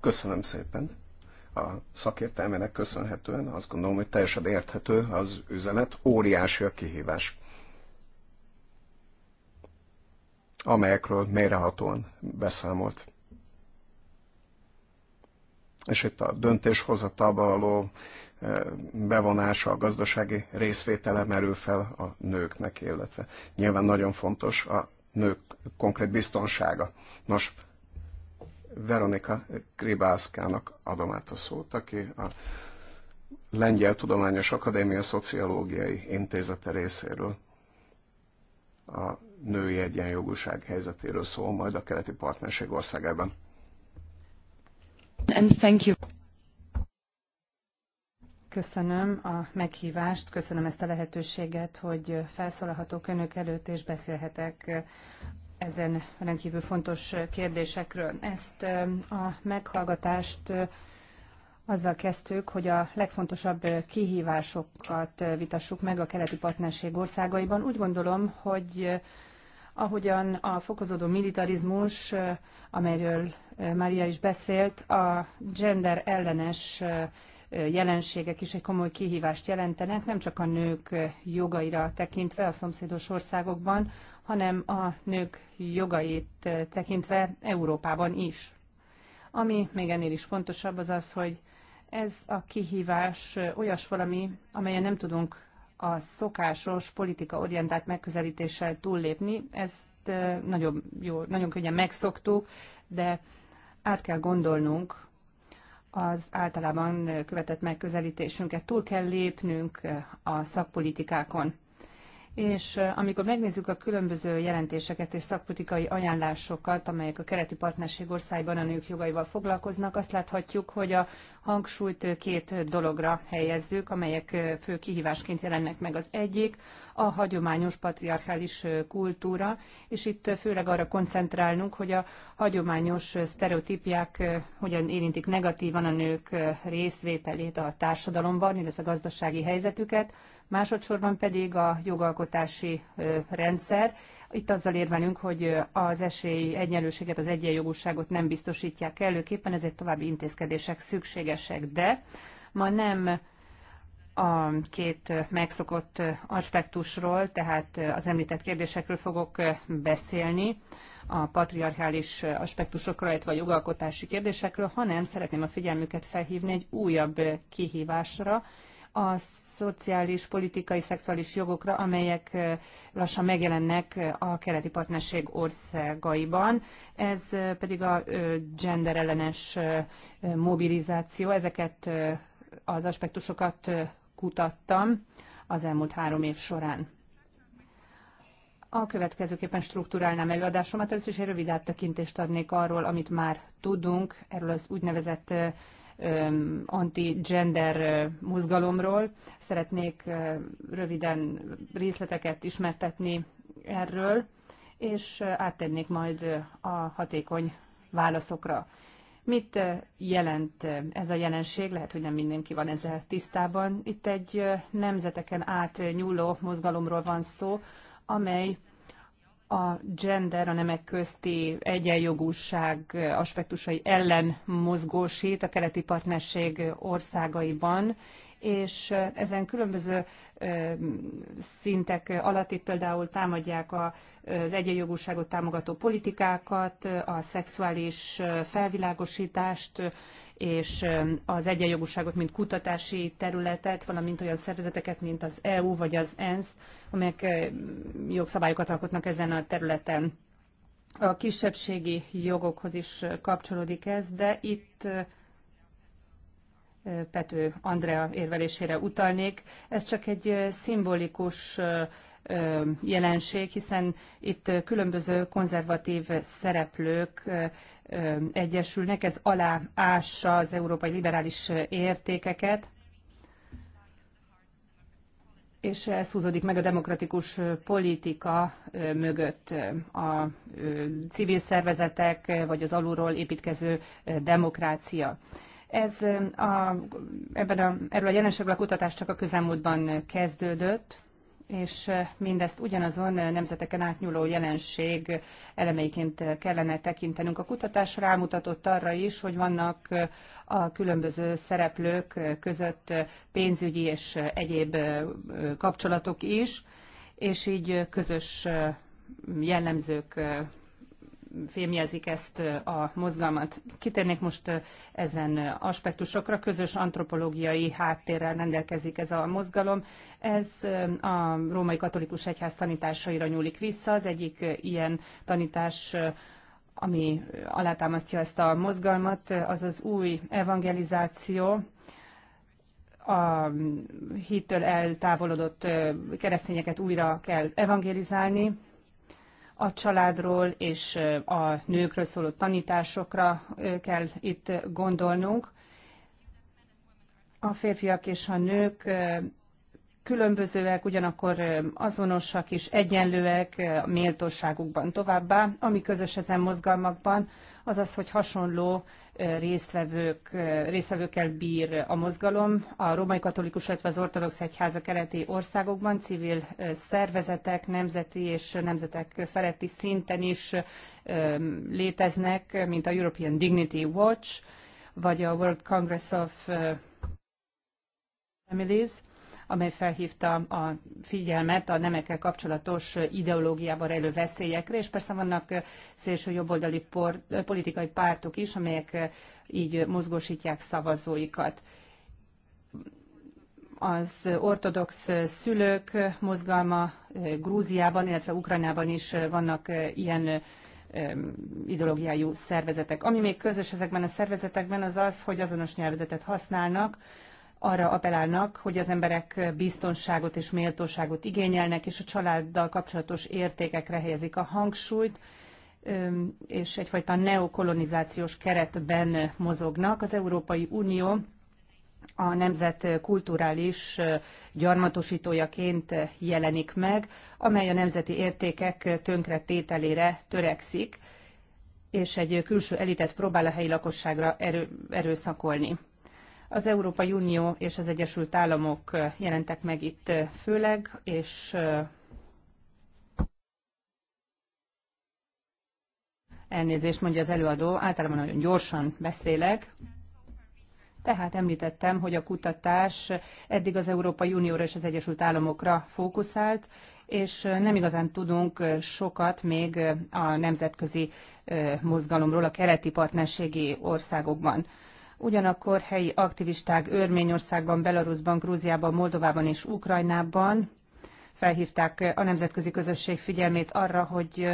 Köszönöm szépen a szakértelmének köszönhetően azt gondolom, hogy teljesen érthető az üzenet, óriási a kihívás, amelyekről mélyrehatóan beszámolt. És itt a döntéshozatalba való e, bevonása, a gazdasági részvétele merül fel a nőknek, illetve nyilván nagyon fontos a nők konkrét biztonsága. Nos, Veronika Kribászkának adom át a szót, aki a Lengyel Tudományos Akadémia Szociológiai Intézete részéről a női egyenjogúság helyzetéről szól majd a keleti partnerség országában. And thank you. Köszönöm a meghívást, köszönöm ezt a lehetőséget, hogy felszólalhatok önök előtt, és beszélhetek ezen rendkívül fontos kérdésekről. Ezt a meghallgatást azzal kezdtük, hogy a legfontosabb kihívásokat vitassuk meg a keleti partnerség országaiban. Úgy gondolom, hogy ahogyan a fokozódó militarizmus, amelyről Mária is beszélt, a gender ellenes jelenségek is egy komoly kihívást jelentenek, nem csak a nők jogaira tekintve a szomszédos országokban, hanem a nők jogait tekintve Európában is. Ami még ennél is fontosabb az az, hogy ez a kihívás olyas valami, amelyen nem tudunk a szokásos orientált megközelítéssel túllépni. Ezt nagyon, jó, nagyon könnyen megszoktuk, de át kell gondolnunk az általában követett megközelítésünket. Túl kell lépnünk a szakpolitikákon és amikor megnézzük a különböző jelentéseket és szakpolitikai ajánlásokat, amelyek a kereti partnerség országban a nők jogaival foglalkoznak, azt láthatjuk, hogy a hangsúlyt két dologra helyezzük, amelyek fő kihívásként jelennek meg az egyik, a hagyományos patriarchális kultúra, és itt főleg arra koncentrálnunk, hogy a hagyományos sztereotípiák hogyan érintik negatívan a nők részvételét a társadalomban, illetve a gazdasági helyzetüket, másodszorban pedig a jogalkotási rendszer. Itt azzal érvelünk, hogy az esély egyenlőséget, az egyenjogúságot nem biztosítják előképpen, ezért további intézkedések szükségesek, de ma nem a két megszokott aspektusról, tehát az említett kérdésekről fogok beszélni, a patriarchális aspektusokról, illetve a jogalkotási kérdésekről, hanem szeretném a figyelmüket felhívni egy újabb kihívásra, az szociális, politikai, szexuális jogokra, amelyek lassan megjelennek a keleti partnerség országaiban. Ez pedig a genderellenes mobilizáció. Ezeket az aspektusokat kutattam az elmúlt három év során. A következőképpen struktúrálnám előadásomat. Először is egy rövid áttekintést adnék arról, amit már tudunk, erről az úgynevezett anti-gender mozgalomról. Szeretnék röviden részleteket ismertetni erről, és áttennék majd a hatékony válaszokra. Mit jelent ez a jelenség? Lehet, hogy nem mindenki van ezzel tisztában. Itt egy nemzeteken átnyúló mozgalomról van szó, amely a gender, a nemek közti egyenjogúság aspektusai ellen mozgósít a keleti partnerség országaiban, és eh, ezen különböző szintek alatt. Itt például támadják az egyenjogúságot támogató politikákat, a szexuális felvilágosítást, és az egyenjogúságot, mint kutatási területet, valamint olyan szervezeteket, mint az EU vagy az ENSZ, amelyek jogszabályokat alkotnak ezen a területen. A kisebbségi jogokhoz is kapcsolódik ez, de itt Pető Andrea érvelésére utalnék. Ez csak egy szimbolikus jelenség, hiszen itt különböző konzervatív szereplők egyesülnek, ez aláássa az európai liberális értékeket, és ez húzódik meg a demokratikus politika mögött. A civil szervezetek, vagy az alulról építkező demokrácia. Ez a, ebben a, erről a jelenségről a kutatás csak a közelmúltban kezdődött, és mindezt ugyanazon nemzeteken átnyúló jelenség elemeiként kellene tekintenünk. A kutatás rámutatott arra is, hogy vannak a különböző szereplők között pénzügyi és egyéb kapcsolatok is, és így közös jellemzők fémjezik ezt a mozgalmat. Kitérnék most ezen aspektusokra. Közös antropológiai háttérrel rendelkezik ez a mozgalom. Ez a római katolikus egyház tanításaira nyúlik vissza. Az egyik ilyen tanítás ami alátámasztja ezt a mozgalmat, az az új evangelizáció, a hittől eltávolodott keresztényeket újra kell evangelizálni, a családról és a nőkről szóló tanításokra kell itt gondolnunk. A férfiak és a nők különbözőek, ugyanakkor azonosak és egyenlőek a méltóságukban továbbá. Ami közös ezen mozgalmakban, az az, hogy hasonló résztvevők, résztvevőkkel bír a mozgalom. A római katolikus, illetve az ortodox egyháza keleti országokban civil szervezetek, nemzeti és nemzetek feletti szinten is léteznek, mint a European Dignity Watch, vagy a World Congress of Families, amely felhívta a figyelmet a nemekkel kapcsolatos ideológiában rejlő veszélyekre, és persze vannak szélső jobboldali politikai pártok is, amelyek így mozgósítják szavazóikat az ortodox szülők mozgalma Grúziában, illetve Ukrajnában is vannak ilyen ideológiájú szervezetek. Ami még közös ezekben a szervezetekben az az, hogy azonos nyelvezetet használnak, arra apelálnak, hogy az emberek biztonságot és méltóságot igényelnek, és a családdal kapcsolatos értékekre helyezik a hangsúlyt, és egyfajta neokolonizációs keretben mozognak. Az Európai Unió a nemzet kulturális gyarmatosítójaként jelenik meg, amely a nemzeti értékek tönkretételére törekszik, és egy külső elitet próbál a helyi lakosságra erő, erőszakolni. Az Európai Unió és az Egyesült Államok eh, jelentek meg itt eh, főleg, és eh, elnézést mondja az előadó, általában nagyon gyorsan beszélek. Tehát említettem, hogy a kutatás eddig az Európai Unióra és az Egyesült Államokra fókuszált, és nem igazán tudunk sokat még a nemzetközi mozgalomról a keleti partnerségi országokban. Ugyanakkor helyi aktivisták Örményországban, Belarusban, Grúziában, Moldovában és Ukrajnában felhívták a nemzetközi közösség figyelmét arra, hogy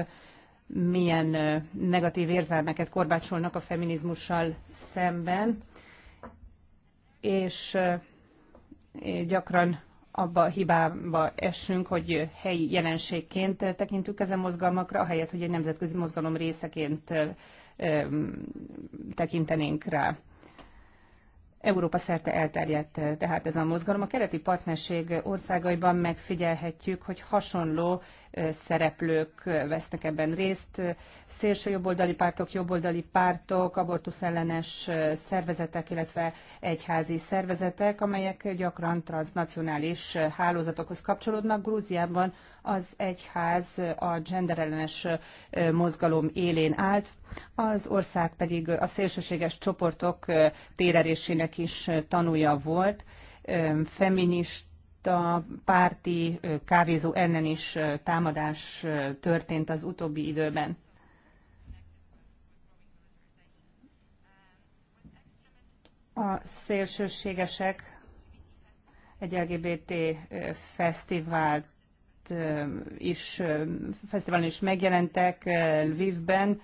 milyen negatív érzelmeket korbácsolnak a feminizmussal szemben, és gyakran abba a hibába esünk, hogy helyi jelenségként tekintünk ezen mozgalmakra, ahelyett, hogy egy nemzetközi mozgalom részeként tekintenénk rá. Európa szerte elterjedt eh, tehát ez a mozgalom. A keleti partnerség országaiban megfigyelhetjük, hogy hasonló eh, szereplők eh, vesznek ebben részt. Szélső jobboldali pártok, jobboldali pártok, abortuszellenes szervezetek, illetve egyházi szervezetek, amelyek gyakran transnacionális hálózatokhoz kapcsolódnak. Grúziában az egyház a genderellenes mozgalom élén állt, az ország pedig a szélsőséges csoportok térerésének is tanúja volt, feminist a párti kávézó ellen is támadás történt az utóbbi időben. A szélsőségesek egy LGBT fesztivált is, fesztiválon is megjelentek Lvivben,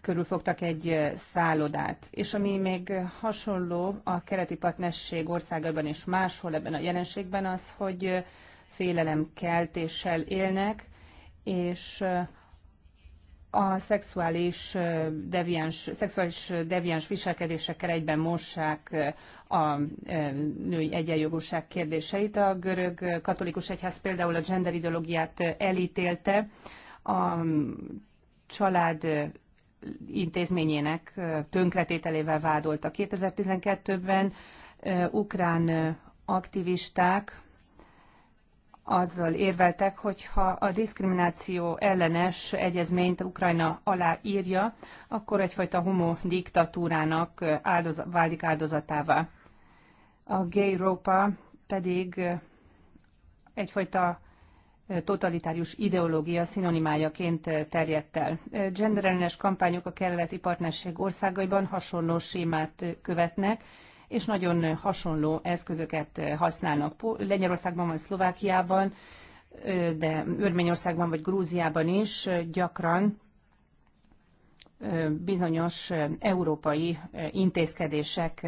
körülfogtak egy szállodát. És ami még hasonló a keleti partnerség országában és máshol ebben a jelenségben az, hogy félelemkeltéssel élnek, és a szexuális deviáns, szexuális deviáns viselkedésekkel egyben mossák a női egyenjogúság kérdéseit. A görög katolikus egyház például a gender ideológiát elítélte, a család intézményének tönkretételével vádolta. 2012-ben ukrán aktivisták azzal érveltek, hogyha a diszkrimináció ellenes egyezményt Ukrajna alá írja, akkor egyfajta homo diktatúrának áldoz, válik áldozatává. A gay Európa pedig egyfajta totalitárius ideológia szinonimájaként terjedt el. Genderellenes kampányok a keleti partnerség országaiban hasonló sémát követnek, és nagyon hasonló eszközöket használnak. Lengyelországban vagy Szlovákiában, de Örményországban vagy Grúziában is gyakran bizonyos európai intézkedések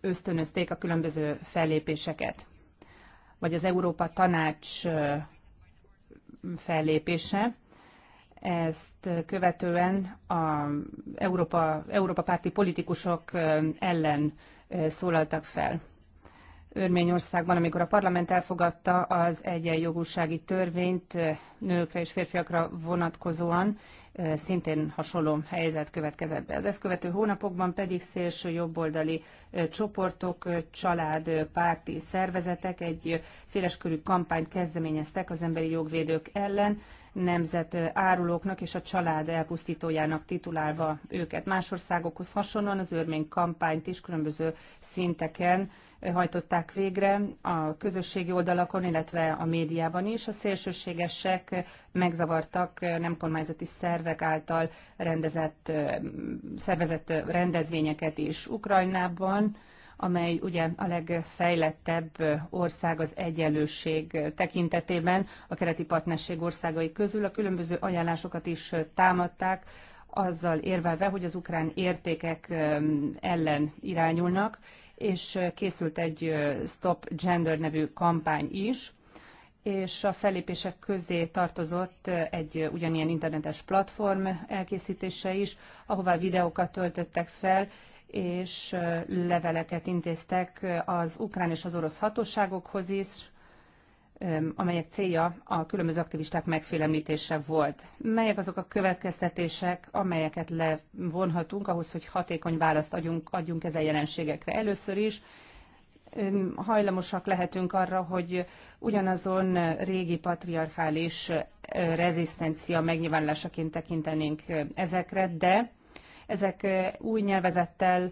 ösztönözték a különböző fellépéseket. Vagy az Európa Tanács fellépése, ezt követően a Európa, Európa párti politikusok ellen szólaltak fel. Örményországban, amikor a parlament elfogadta az egyenjogúsági törvényt nőkre és férfiakra vonatkozóan, szintén hasonló helyzet következett be. Az ezt követő hónapokban pedig szélső jobboldali csoportok, család, párti szervezetek egy széleskörű kampányt kezdeményeztek az emberi jogvédők ellen, nemzet árulóknak és a család elpusztítójának titulálva őket. Más országokhoz hasonlóan az örmény kampányt is különböző szinteken hajtották végre a közösségi oldalakon, illetve a médiában is. A szélsőségesek megzavartak nem kormányzati szervek által rendezett, szervezett rendezvényeket is Ukrajnában amely ugye a legfejlettebb ország az egyenlőség tekintetében a keleti partnerség országai közül. A különböző ajánlásokat is támadták, azzal érvelve, hogy az ukrán értékek um, ellen irányulnak, és készült egy uh, Stop Gender nevű kampány is, és a fellépések közé tartozott uh, egy uh, ugyanilyen internetes platform elkészítése is, ahová videókat töltöttek fel, és leveleket intéztek az ukrán és az orosz hatóságokhoz is, amelyek célja a különböző aktivisták megfélemlítése volt. Melyek azok a következtetések, amelyeket levonhatunk ahhoz, hogy hatékony választ adjunk, adjunk ezen jelenségekre? Először is hajlamosak lehetünk arra, hogy ugyanazon régi patriarchális rezisztencia megnyilvánulásaként tekintenénk ezekre, de ezek új nyelvezettel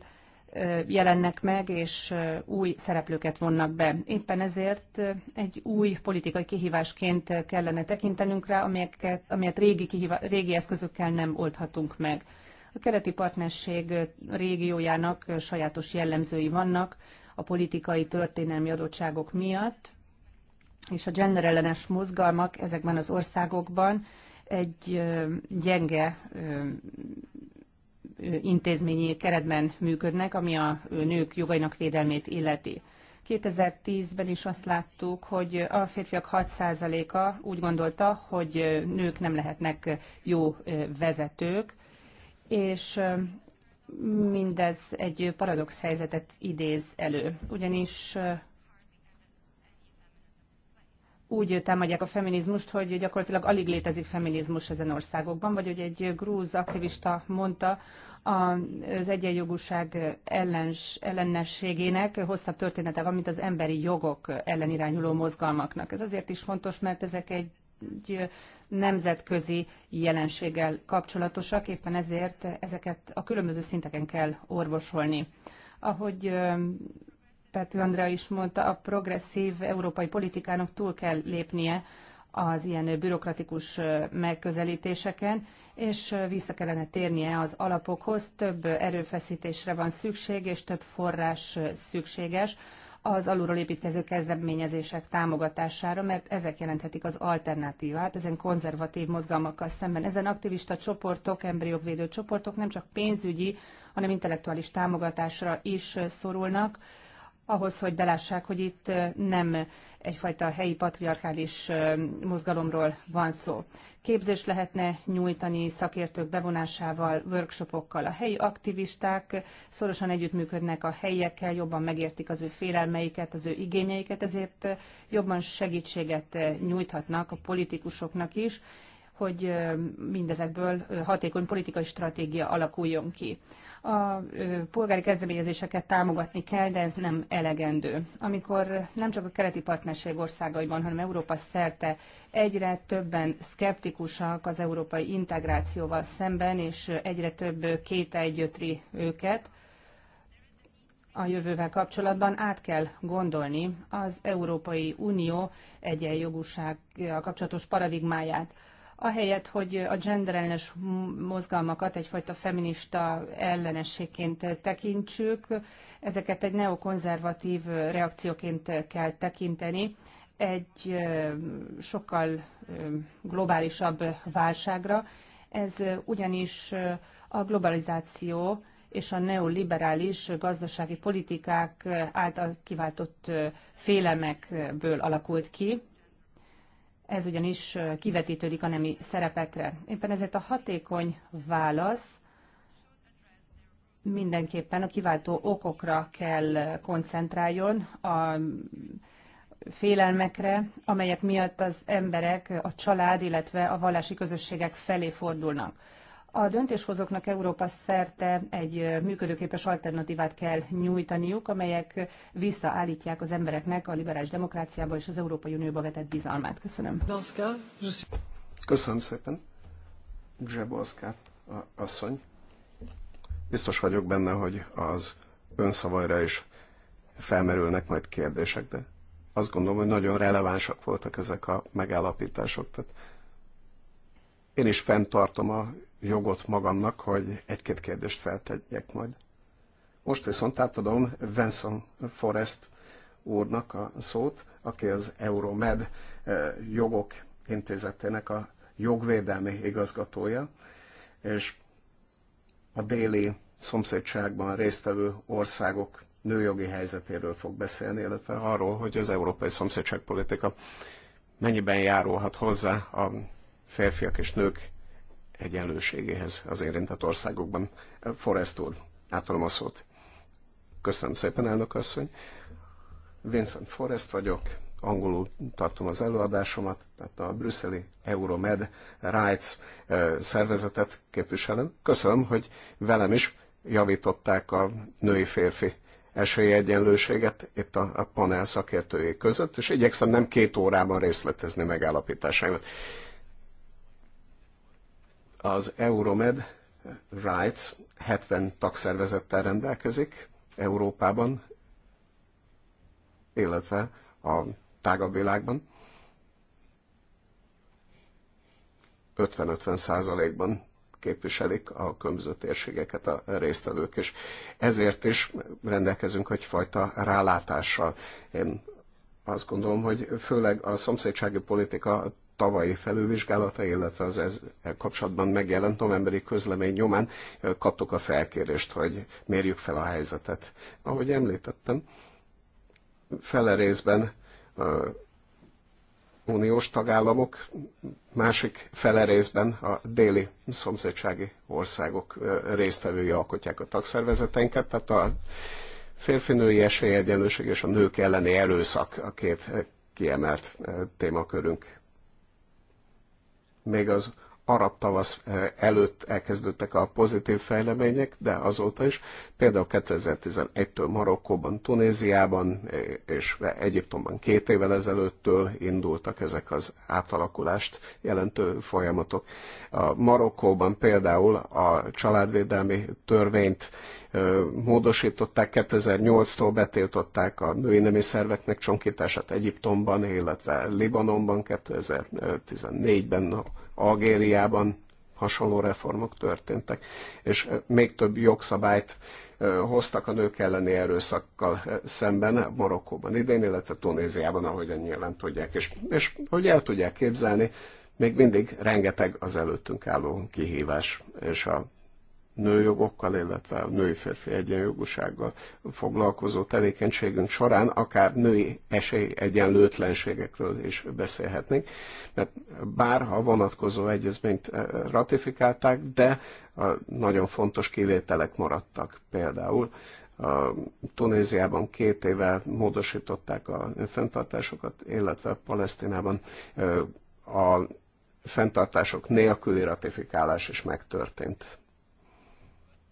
jelennek meg, és új szereplőket vonnak be. Éppen ezért egy új politikai kihívásként kellene tekintenünk rá, amelyeket, amelyet régi, kihívá, régi eszközökkel nem oldhatunk meg. A keleti partnerség régiójának sajátos jellemzői vannak a politikai történelmi adottságok miatt, és a genderellenes mozgalmak ezekben az országokban egy gyenge intézményi keretben működnek, ami a nők jogainak védelmét illeti. 2010-ben is azt láttuk, hogy a férfiak 6%-a úgy gondolta, hogy nők nem lehetnek jó vezetők, és mindez egy paradox helyzetet idéz elő. Ugyanis úgy támadják a feminizmust, hogy gyakorlatilag alig létezik feminizmus ezen országokban, vagy hogy egy grúz aktivista mondta, az egyenjogúság ellens, ellenességének hosszabb története van, mint az emberi jogok ellenirányuló mozgalmaknak. Ez azért is fontos, mert ezek egy egy nemzetközi jelenséggel kapcsolatosak, éppen ezért ezeket a különböző szinteken kell orvosolni. Ahogy Pető Andrea is mondta, a progresszív európai politikának túl kell lépnie az ilyen bürokratikus megközelítéseken, és vissza kellene térnie az alapokhoz. Több erőfeszítésre van szükség, és több forrás szükséges az alulról építkező kezdeményezések támogatására, mert ezek jelenthetik az alternatívát, ezen konzervatív mozgalmakkal szemben. Ezen aktivista csoportok, embriókvédő csoportok nem csak pénzügyi, hanem intellektuális támogatásra is szorulnak, ahhoz, hogy belássák, hogy itt nem egyfajta helyi patriarchális mozgalomról van szó. Képzést lehetne nyújtani szakértők bevonásával, workshopokkal. A helyi aktivisták szorosan együttműködnek a helyiekkel, jobban megértik az ő félelmeiket, az ő igényeiket, ezért jobban segítséget nyújthatnak a politikusoknak is, hogy mindezekből hatékony politikai stratégia alakuljon ki. A polgári kezdeményezéseket támogatni kell, de ez nem elegendő. Amikor nem csak a keleti partnerség országaiban, hanem Európa szerte egyre többen szkeptikusak az európai integrációval szemben, és egyre több egyötri őket, a jövővel kapcsolatban át kell gondolni az Európai Unió egyenjogúság kapcsolatos paradigmáját ahelyett, hogy a genderellenes mozgalmakat egyfajta feminista ellenességként tekintsük, ezeket egy neokonzervatív reakcióként kell tekinteni egy sokkal globálisabb válságra. Ez ugyanis a globalizáció és a neoliberális gazdasági politikák által kiváltott félemekből alakult ki, ez ugyanis kivetítődik a nemi szerepekre. Éppen ezért a hatékony válasz mindenképpen a kiváltó okokra kell koncentráljon, a félelmekre, amelyek miatt az emberek a család, illetve a vallási közösségek felé fordulnak. A döntéshozóknak Európa szerte egy működőképes alternatívát kell nyújtaniuk, amelyek visszaállítják az embereknek a liberális demokráciába és az Európai Unióba vetett bizalmát. Köszönöm. Köszönöm szépen. a asszony. Biztos vagyok benne, hogy az önszavajra is felmerülnek majd kérdések, de azt gondolom, hogy nagyon relevánsak voltak ezek a megállapítások. Tehát én is fenntartom a jogot magamnak, hogy egy-két kérdést feltegyek majd. Most viszont átadom Vincent Forrest úrnak a szót, aki az Euromed eh, jogok intézetének a jogvédelmi igazgatója, és a déli szomszédságban résztvevő országok nőjogi helyzetéről fog beszélni, illetve arról, hogy az európai szomszédságpolitika mennyiben járulhat hozzá a férfiak és nők egyenlőségéhez az érintett országokban. Forrest úr, átadom a szót. Köszönöm szépen, elnök asszony. Vincent Forrest vagyok, angolul tartom az előadásomat, tehát a brüsszeli Euromed Rights eh, szervezetet képviselem. Köszönöm, hogy velem is javították a női-férfi esélyegyenlőséget itt a, a panel szakértői között, és igyekszem nem két órában részletezni megállapításaimat az Euromed Rights 70 tagszervezettel rendelkezik Európában, illetve a tágabb világban. 50-50 százalékban képviselik a különböző térségeket a résztvevők, és ezért is rendelkezünk egyfajta rálátással. Én azt gondolom, hogy főleg a szomszédsági politika tavalyi felülvizsgálata, illetve az ez e kapcsolatban megjelent novemberi közlemény nyomán kaptuk a felkérést, hogy mérjük fel a helyzetet. Ahogy említettem, fele részben uniós tagállamok, másik fele részben a déli szomszédsági országok résztvevői alkotják a tagszervezetenket, tehát a férfinői esélyegyenlőség és a nők elleni erőszak a két kiemelt témakörünk még az arab tavasz eh, előtt elkezdődtek a pozitív fejlemények, de azóta is, például 2011-től Marokkóban, Tunéziában eh, és Egyiptomban két évvel ezelőttől indultak ezek az átalakulást jelentő folyamatok. A Marokkóban például a családvédelmi törvényt eh, módosították, 2008-tól betiltották a női nemi szerveknek csonkítását Egyiptomban, illetve Libanonban 2014-ben Algériában hasonló reformok történtek, és még több jogszabályt hoztak a nők elleni erőszakkal szemben Marokkóban idén, illetve Tunéziában, ahogyan nyilván tudják. És, és hogy el tudják képzelni, még mindig rengeteg az előttünk álló kihívás, és a nőjogokkal, illetve a női-férfi egyenjogúsággal foglalkozó tevékenységünk során akár női esély egyenlőtlenségekről is beszélhetnénk, mert bár vonatkozó egyezményt eh, ratifikálták, de nagyon fontos kivételek maradtak például a Tunéziában két éve módosították a fenntartásokat, illetve Palesztinában eh, a fenntartások nélküli ratifikálás is megtörtént.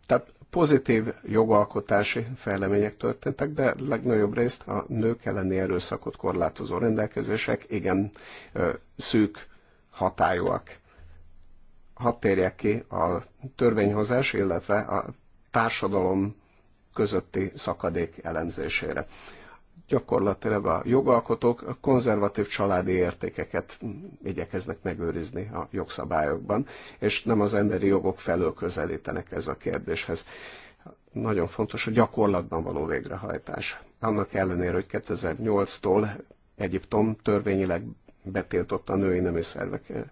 Tehát pozitív jogalkotási fejlemények történtek, de legnagyobb részt a nők elleni erőszakot korlátozó rendelkezések igen szűk hatályúak. Hadd térjek ki a törvényhozás, illetve a társadalom közötti szakadék elemzésére gyakorlatilag a jogalkotók a konzervatív családi értékeket igyekeznek megőrizni a jogszabályokban, és nem az emberi jogok felől közelítenek ez a kérdéshez. Nagyon fontos a gyakorlatban való végrehajtás. Annak ellenére, hogy 2008-tól Egyiptom törvényileg betiltotta a női nemi szervek eh,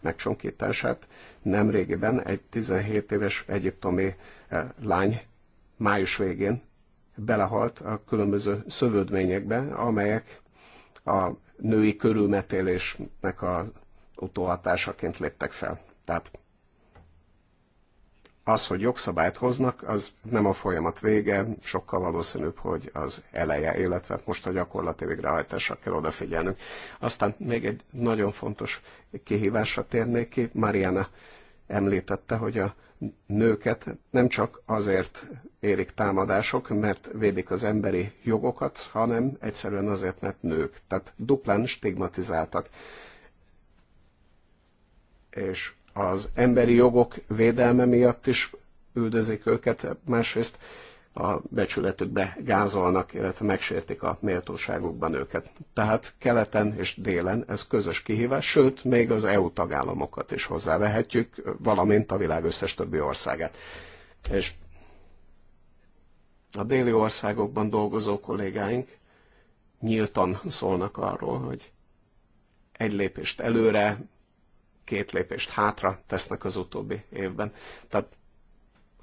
megcsonkítását. Nemrégiben egy 17 éves egyiptomi eh, lány május végén belehalt a különböző szövődményekbe, amelyek a női körülmetélésnek a utóhatásaként léptek fel. Tehát az, hogy jogszabályt hoznak, az nem a folyamat vége, sokkal valószínűbb, hogy az eleje, illetve most a gyakorlati végrehajtásra kell odafigyelnünk. Aztán még egy nagyon fontos kihívásra térnék ki. Mariana említette, hogy a nőket nem csak azért érik támadások, mert védik az emberi jogokat, hanem egyszerűen azért, mert nők. Tehát duplán stigmatizáltak. És az emberi jogok védelme miatt is üldözik őket, másrészt a becsületükbe gázolnak, illetve megsértik a méltóságukban őket. Tehát keleten és délen ez közös kihívás, sőt, még az EU tagállamokat is hozzávehetjük, valamint a világ összes többi országát. És a déli országokban dolgozó kollégáink nyíltan szólnak arról, hogy egy lépést előre, két lépést hátra tesznek az utóbbi évben. Tehát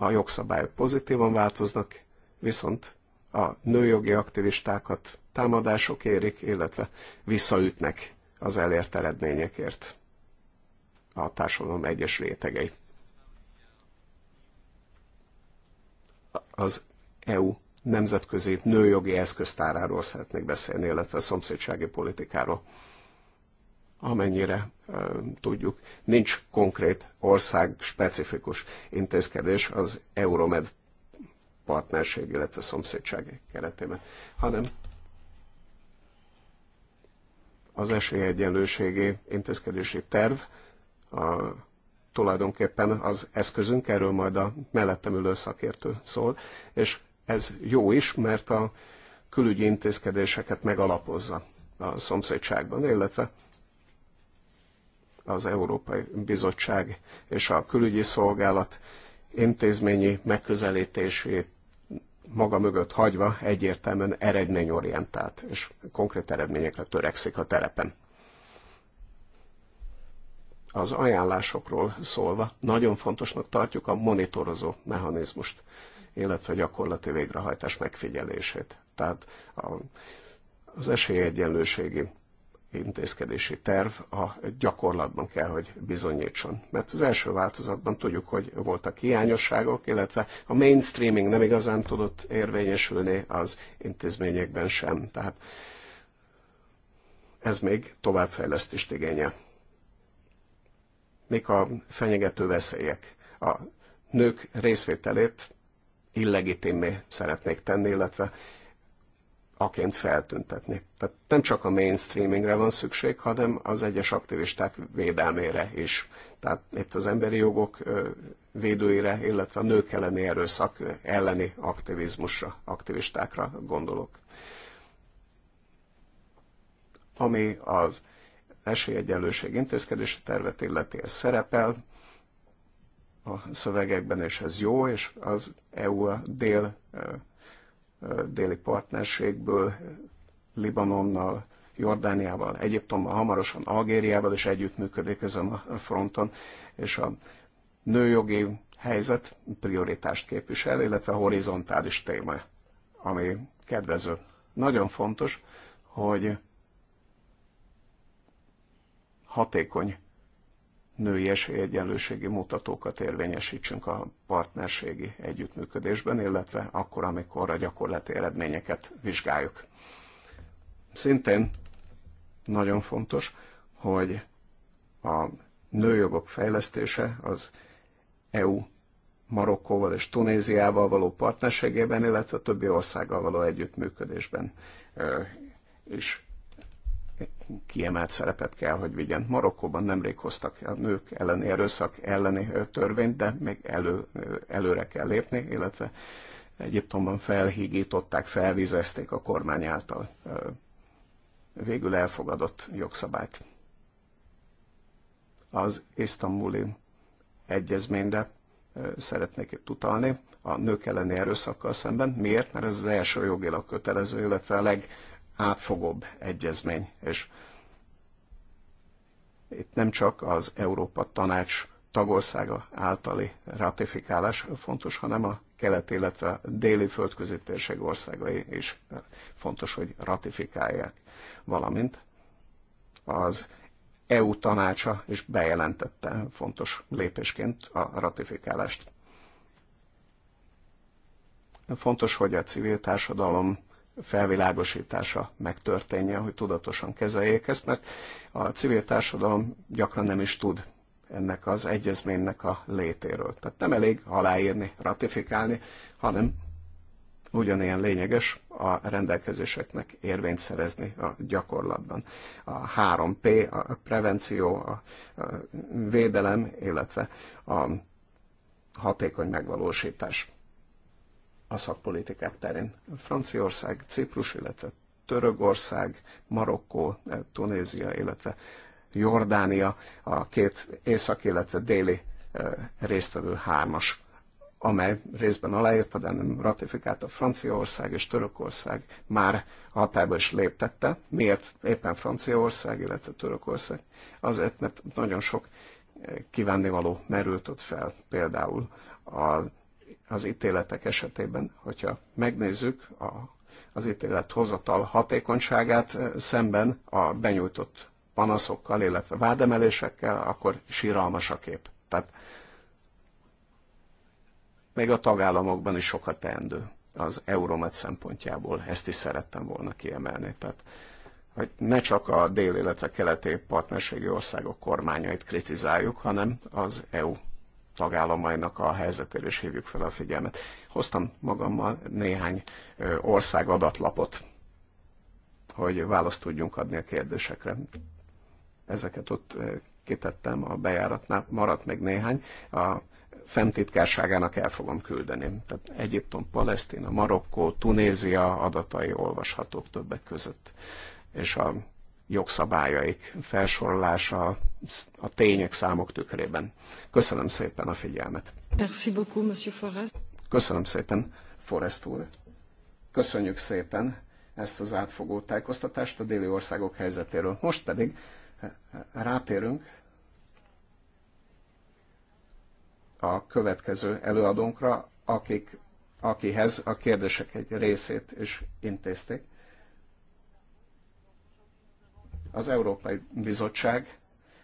a jogszabályok pozitívan változnak, viszont a nőjogi aktivistákat támadások érik, illetve visszaütnek az elért eredményekért a társadalom egyes rétegei. Az EU nemzetközi nőjogi eszköztáráról szeretnék beszélni, illetve a szomszédsági politikáról amennyire tudjuk. Nincs konkrét ország specifikus intézkedés az Euromed partnerség, illetve szomszédság keretében, hanem az esélyegyenlőségi intézkedési terv a, tulajdonképpen az eszközünk, erről majd a mellettem ülő szakértő szól, és ez jó is, mert a külügyi intézkedéseket megalapozza a szomszédságban, illetve az Európai Bizottság és a Külügyi Szolgálat intézményi megközelítését maga mögött hagyva egyértelműen eredményorientált és konkrét eredményekre törekszik a terepen. Az ajánlásokról szólva nagyon fontosnak tartjuk a monitorozó mechanizmust, illetve gyakorlati végrehajtás megfigyelését. Tehát a, az esélyegyenlőségi intézkedési terv a gyakorlatban kell, hogy bizonyítson. Mert az első változatban tudjuk, hogy voltak hiányosságok, illetve a mainstreaming nem igazán tudott érvényesülni az intézményekben sem. Tehát ez még továbbfejlesztést igényel. Mik a fenyegető veszélyek? A nők részvételét illegitimé szeretnék tenni, illetve aként feltüntetni. Tehát nem csak a mainstreamingre van szükség, hanem az egyes aktivisták védelmére is. Tehát itt az emberi jogok védőire, illetve a nők elleni erőszak elleni aktivizmusra, aktivistákra gondolok. Ami az esélyegyenlőség intézkedési tervet illeti, ez szerepel a szövegekben, és ez jó, és az EU a dél déli partnerségből, Libanonnal, Jordániával, Egyiptommal, hamarosan Algériával is együttműködik ezen a fronton, és a nőjogi helyzet prioritást képvisel, illetve horizontális téma, ami kedvező. Nagyon fontos, hogy hatékony nőies egyenlőségi mutatókat érvényesítsünk a partnerségi együttműködésben, illetve akkor, amikor a gyakorlati eredményeket vizsgáljuk. Szintén nagyon fontos, hogy a nőjogok fejlesztése az EU Marokkóval és Tunéziával való partnerségében, illetve a többi országgal való együttműködésben is kiemelt szerepet kell, hogy vigyen. Marokkóban nemrég hoztak a nők elleni erőszak elleni törvényt, de még elő, előre kell lépni, illetve Egyiptomban felhígították, felvizezték a kormány által végül elfogadott jogszabályt. Az isztambuli egyezményre szeretnék itt utalni, a nők elleni erőszakkal szemben. Miért? Mert ez az első jogilag kötelező, illetve a leg átfogóbb egyezmény, és itt nem csak az Európa Tanács tagországa általi ratifikálás fontos, hanem a kelet, illetve a déli földközi térség országai is fontos, hogy ratifikálják, valamint az EU tanácsa is bejelentette fontos lépésként a ratifikálást. Fontos, hogy a civil társadalom felvilágosítása megtörténjen, hogy tudatosan kezeljék ezt, mert a civil társadalom gyakran nem is tud ennek az egyezménynek a létéről. Tehát nem elég aláírni, ratifikálni, hanem ugyanilyen lényeges a rendelkezéseknek érvényt szerezni a gyakorlatban. A 3P, a prevenció, a védelem, illetve a hatékony megvalósítás a szakpolitikák terén. Franciaország, Ciprus, illetve Törökország, Marokkó, eh, Tunézia, illetve Jordánia, a két észak, illetve déli eh, résztvevő hármas, amely részben aláírta, de nem ratifikálta Franciaország és Törökország már hatályba is léptette. Miért éppen Franciaország, illetve Törökország? Azért, mert nagyon sok eh, kívánnivaló merült ott fel, például a az ítéletek esetében, hogyha megnézzük a, az ítélet hozatal hatékonyságát eh, szemben a benyújtott panaszokkal, illetve vádemelésekkel, akkor síralmas a kép. Tehát még a tagállamokban is sokat teendő az Euromet szempontjából. Ezt is szerettem volna kiemelni. Tehát hogy ne csak a dél, illetve keleti partnerségi országok kormányait kritizáljuk, hanem az EU tagállamainak a helyzetéről is hívjuk fel a figyelmet. Hoztam magammal néhány ország adatlapot, hogy választ tudjunk adni a kérdésekre. Ezeket ott kitettem a bejáratnál, maradt még néhány. A fenntitkárságának el fogom küldeni. Tehát Egyiptom, Palesztina, Marokkó, Tunézia adatai olvashatók többek között. És a jogszabályaik felsorolása a tények számok tükrében. Köszönöm szépen a figyelmet. Merci beaucoup, Monsieur Forrest. Köszönöm szépen, Forrest úr. Köszönjük szépen ezt az átfogó tájékoztatást a déli országok helyzetéről. Most pedig eh, eh, rátérünk a következő előadónkra, akik, akihez a kérdések egy részét is intézték az Európai Bizottság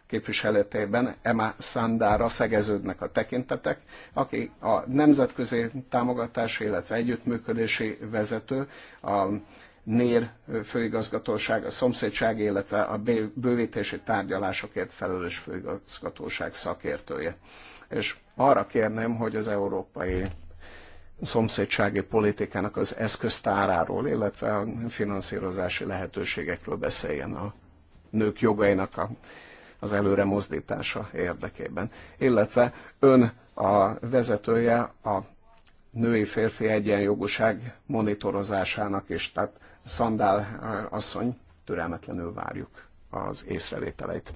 képviseletében Emma Sandára szegeződnek a tekintetek, aki a nemzetközi támogatási, illetve együttműködési vezető, a NÉR főigazgatóság, a szomszédság, illetve a bővítési tárgyalásokért felelős főigazgatóság szakértője. És arra kérném, hogy az európai szomszédsági politikának az eszköztáráról, illetve a finanszírozási lehetőségekről beszéljen a nők jogainak a, az előre mozdítása érdekében. Illetve ön a vezetője a női-férfi egyenjogúság monitorozásának is, tehát Szandál asszony, türelmetlenül várjuk az észrevételeit.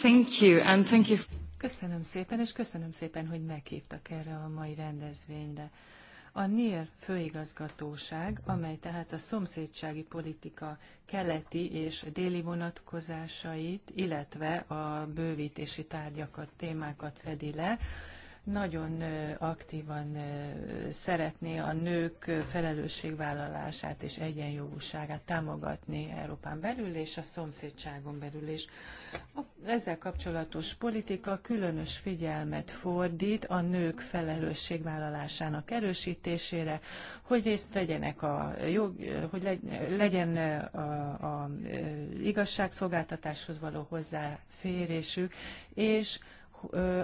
Thank you, and thank you. Köszönöm szépen, és köszönöm szépen, hogy meghívtak erre a mai rendezvényre. A NIR főigazgatóság, amely tehát a szomszédsági politika keleti és déli vonatkozásait, illetve a bővítési tárgyakat, témákat fedi le, nagyon aktívan szeretné a nők felelősségvállalását és egyenjogúságát támogatni Európán belül és a szomszédságon belül is. ezzel kapcsolatos politika különös figyelmet fordít a nők felelősségvállalásának erősítésére, hogy részt legyenek a jog, hogy legyen a, a igazságszolgáltatáshoz való hozzáférésük, és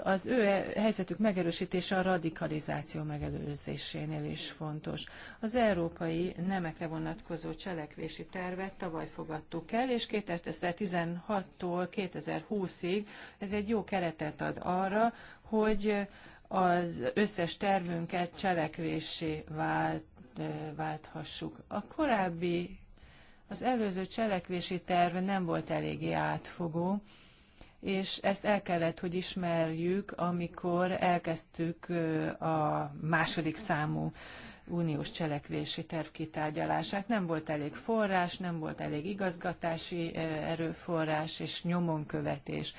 az ő helyzetük megerősítése a radikalizáció megelőzésénél is fontos. Az európai nemekre vonatkozó cselekvési tervet tavaly fogadtuk el, és 2016-tól 2020-ig ez egy jó keretet ad arra, hogy az összes tervünket cselekvési vált, válthassuk. A korábbi, az előző cselekvési terv nem volt eléggé átfogó, és ezt el kellett, hogy ismerjük, amikor elkezdtük a második számú uniós cselekvési terv kitárgyalását. Nem volt elég forrás, nem volt elég igazgatási erőforrás és nyomonkövetés.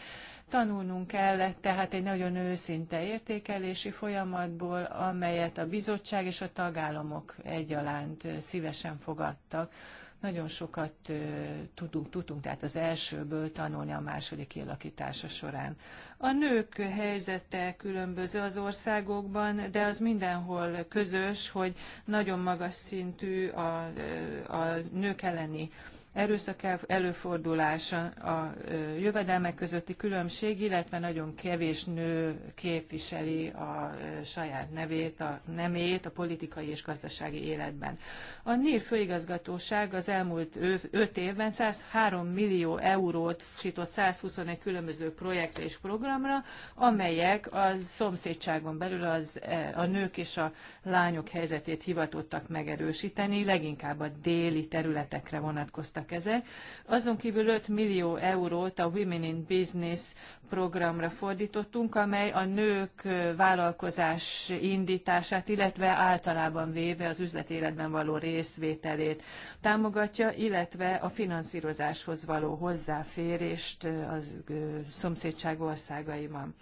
Tanulnunk kellett tehát egy nagyon őszinte értékelési folyamatból, amelyet a bizottság és a tagállamok egyaránt szívesen fogadtak nagyon sokat tudunk, tudtunk tehát az elsőből tanulni a második kialakítása során. A nők helyzete különböző az országokban, de az mindenhol közös, hogy nagyon magas szintű a, a nők elleni erőszak előfordulása, a jövedelmek közötti különbség, illetve nagyon kevés nő képviseli a saját nevét, a nemét a politikai és gazdasági életben. A NIR főigazgatóság az elmúlt öt évben 103 millió eurót sított 121 különböző projektre és programra, amelyek a szomszédságon belül az, e, a nők és a lányok helyzetét hivatottak megerősíteni, leginkább a déli területekre vonatkoztak voltak ezek. Azon kívül 5 millió eurót a Women in Business programra fordítottunk, amely a nők vállalkozás indítását, illetve általában véve az üzletéletben való részvételét támogatja, illetve a finanszírozáshoz való hozzáférést az szomszédság országaiban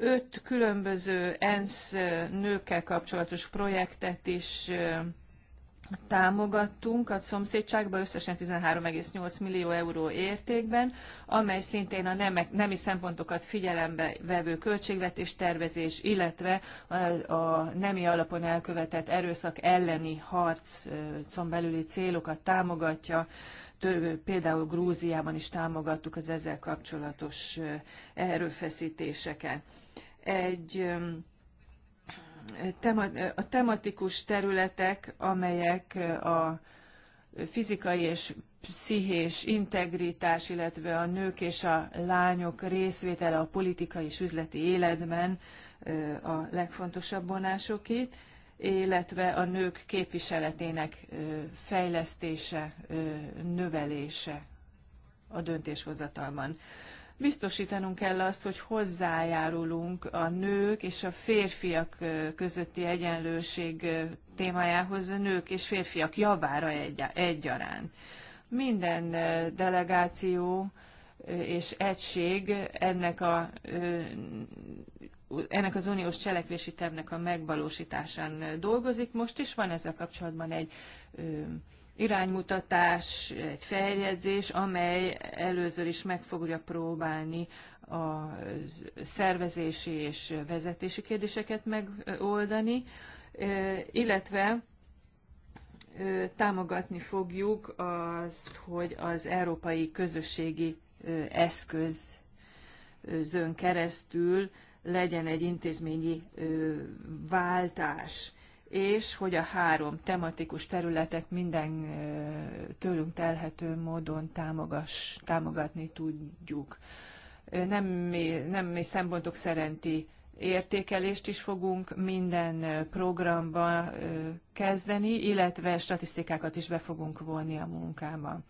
öt különböző ENSZ nőkkel kapcsolatos projektet is támogattunk a szomszédságba összesen 13,8 millió euró értékben, amely szintén a nemek, nemi szempontokat figyelembe vevő költségvetés tervezés, illetve a, a nemi alapon elkövetett erőszak elleni harcon belüli célokat támogatja. Több, például Grúziában is támogattuk az ezzel kapcsolatos erőfeszítéseket. Egy a tematikus területek, amelyek a fizikai és pszichés integritás, illetve a nők és a lányok részvétele a politikai és üzleti életben a legfontosabb vonások itt, illetve a nők képviseletének fejlesztése, növelése a döntéshozatalban. Biztosítanunk kell azt, hogy hozzájárulunk a nők és a férfiak közötti egyenlőség témájához, a nők és férfiak javára egy, egyaránt. Minden delegáció és egység ennek, a, ennek az uniós cselekvési tervnek a megvalósításán dolgozik. Most is van ezzel kapcsolatban egy iránymutatás, egy feljegyzés, amely előző is meg fogja próbálni a szervezési és vezetési kérdéseket megoldani, illetve támogatni fogjuk azt, hogy az európai közösségi eszközön keresztül legyen egy intézményi váltás és hogy a három tematikus területet minden tőlünk telhető módon támogass, támogatni tudjuk. Nem mi, nem mi szempontok szerinti értékelést is fogunk minden programba kezdeni, illetve statisztikákat is be fogunk vonni a munkába.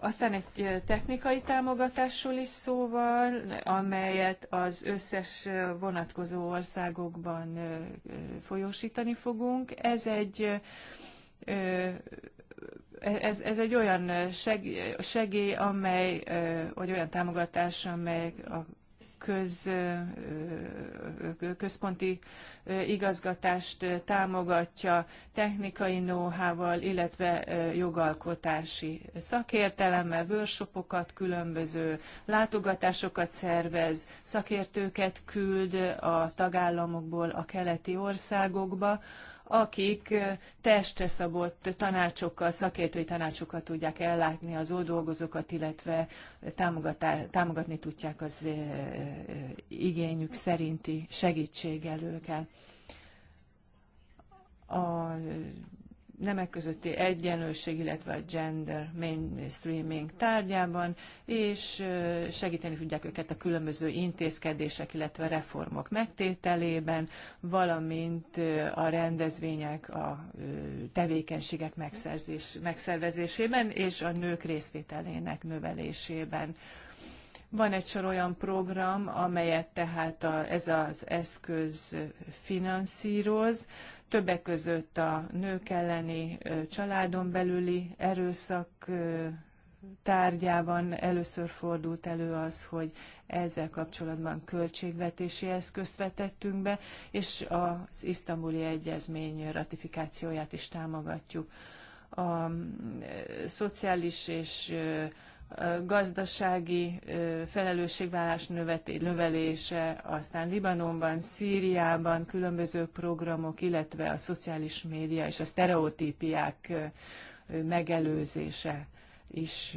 Aztán egy technikai támogatásról is szóval, amelyet az összes vonatkozó országokban folyósítani fogunk. Ez egy ez, ez egy olyan segély, amely, vagy olyan támogatás, amely a köz, központi igazgatást támogatja technikai know-how-val, illetve jogalkotási szakértelemmel, workshopokat, különböző látogatásokat szervez, szakértőket küld a tagállamokból a keleti országokba, akik testre szabott tanácsokkal, szakértői tanácsokkal tudják ellátni az ott dolgozókat, illetve támogatni tudják az igényük szerinti segítséggel őket. A nemek közötti egyenlőség, illetve a gender mainstreaming tárgyában, és segíteni tudják őket a különböző intézkedések, illetve reformok megtételében, valamint a rendezvények, a tevékenységek megszerzés, megszervezésében és a nők részvételének növelésében. Van egy sor olyan program, amelyet tehát a, ez az eszköz finanszíroz, többek között a nők elleni családon belüli erőszak tárgyában először fordult elő az, hogy ezzel kapcsolatban költségvetési eszközt vetettünk be, és az isztambuli egyezmény ratifikációját is támogatjuk. A szociális és gazdasági felelősségvállás növelése, aztán Libanonban, Szíriában különböző programok, illetve a szociális média és a sztereotípiák megelőzése is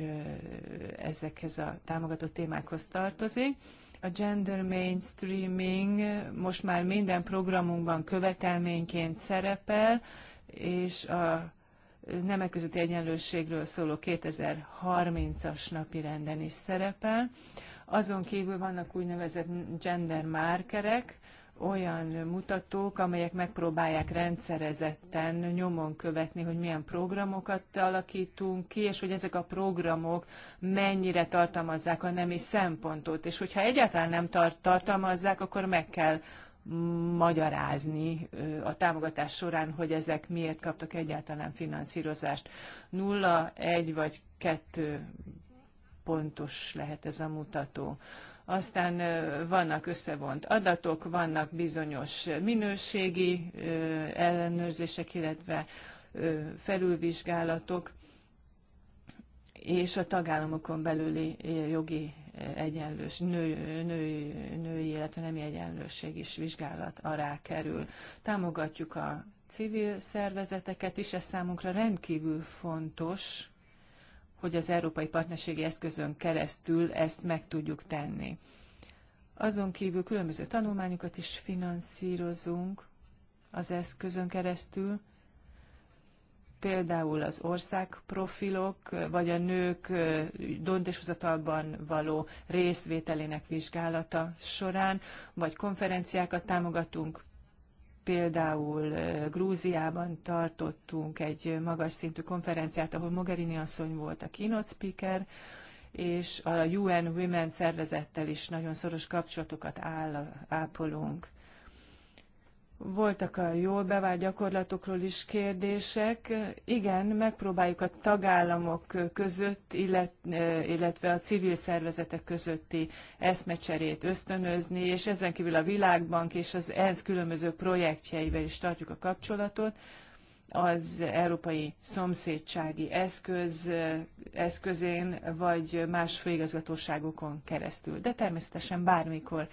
ezekhez a támogatott témákhoz tartozik. A gender mainstreaming most már minden programunkban követelményként szerepel, és a nemek közötti egyenlőségről szóló 2030-as napi renden is szerepel. Azon kívül vannak úgynevezett gender markerek, olyan mutatók, amelyek megpróbálják rendszerezetten nyomon követni, hogy milyen programokat alakítunk ki, és hogy ezek a programok mennyire tartalmazzák a nemi szempontot. És hogyha egyáltalán nem tar- tartalmazzák, akkor meg kell magyarázni a támogatás során, hogy ezek miért kaptak egyáltalán finanszírozást. Nulla, egy vagy kettő pontos lehet ez a mutató. Aztán vannak összevont adatok, vannak bizonyos minőségi ellenőrzések, illetve felülvizsgálatok, és a tagállamokon belüli jogi egyenlős, nő, nő, női, illetve nemi egyenlőség is vizsgálat alá kerül. Támogatjuk a civil szervezeteket is, ez számunkra rendkívül fontos, hogy az Európai Partnerségi Eszközön keresztül ezt meg tudjuk tenni. Azon kívül különböző tanulmányokat is finanszírozunk az eszközön keresztül, például az országprofilok, vagy a nők döntéshozatalban való részvételének vizsgálata során, vagy konferenciákat támogatunk, például Grúziában tartottunk egy magas szintű konferenciát, ahol Mogherini asszony volt a keynote speaker, és a UN Women szervezettel is nagyon szoros kapcsolatokat áll, ápolunk. Voltak a jól bevált gyakorlatokról is kérdések. Igen, megpróbáljuk a tagállamok között, illetve a civil szervezetek közötti eszmecserét ösztönözni, és ezen kívül a Világbank és az ENSZ különböző projektjeivel is tartjuk a kapcsolatot az európai szomszédsági eszköz, eszközén, vagy más főigazgatóságokon keresztül. De természetesen bármikor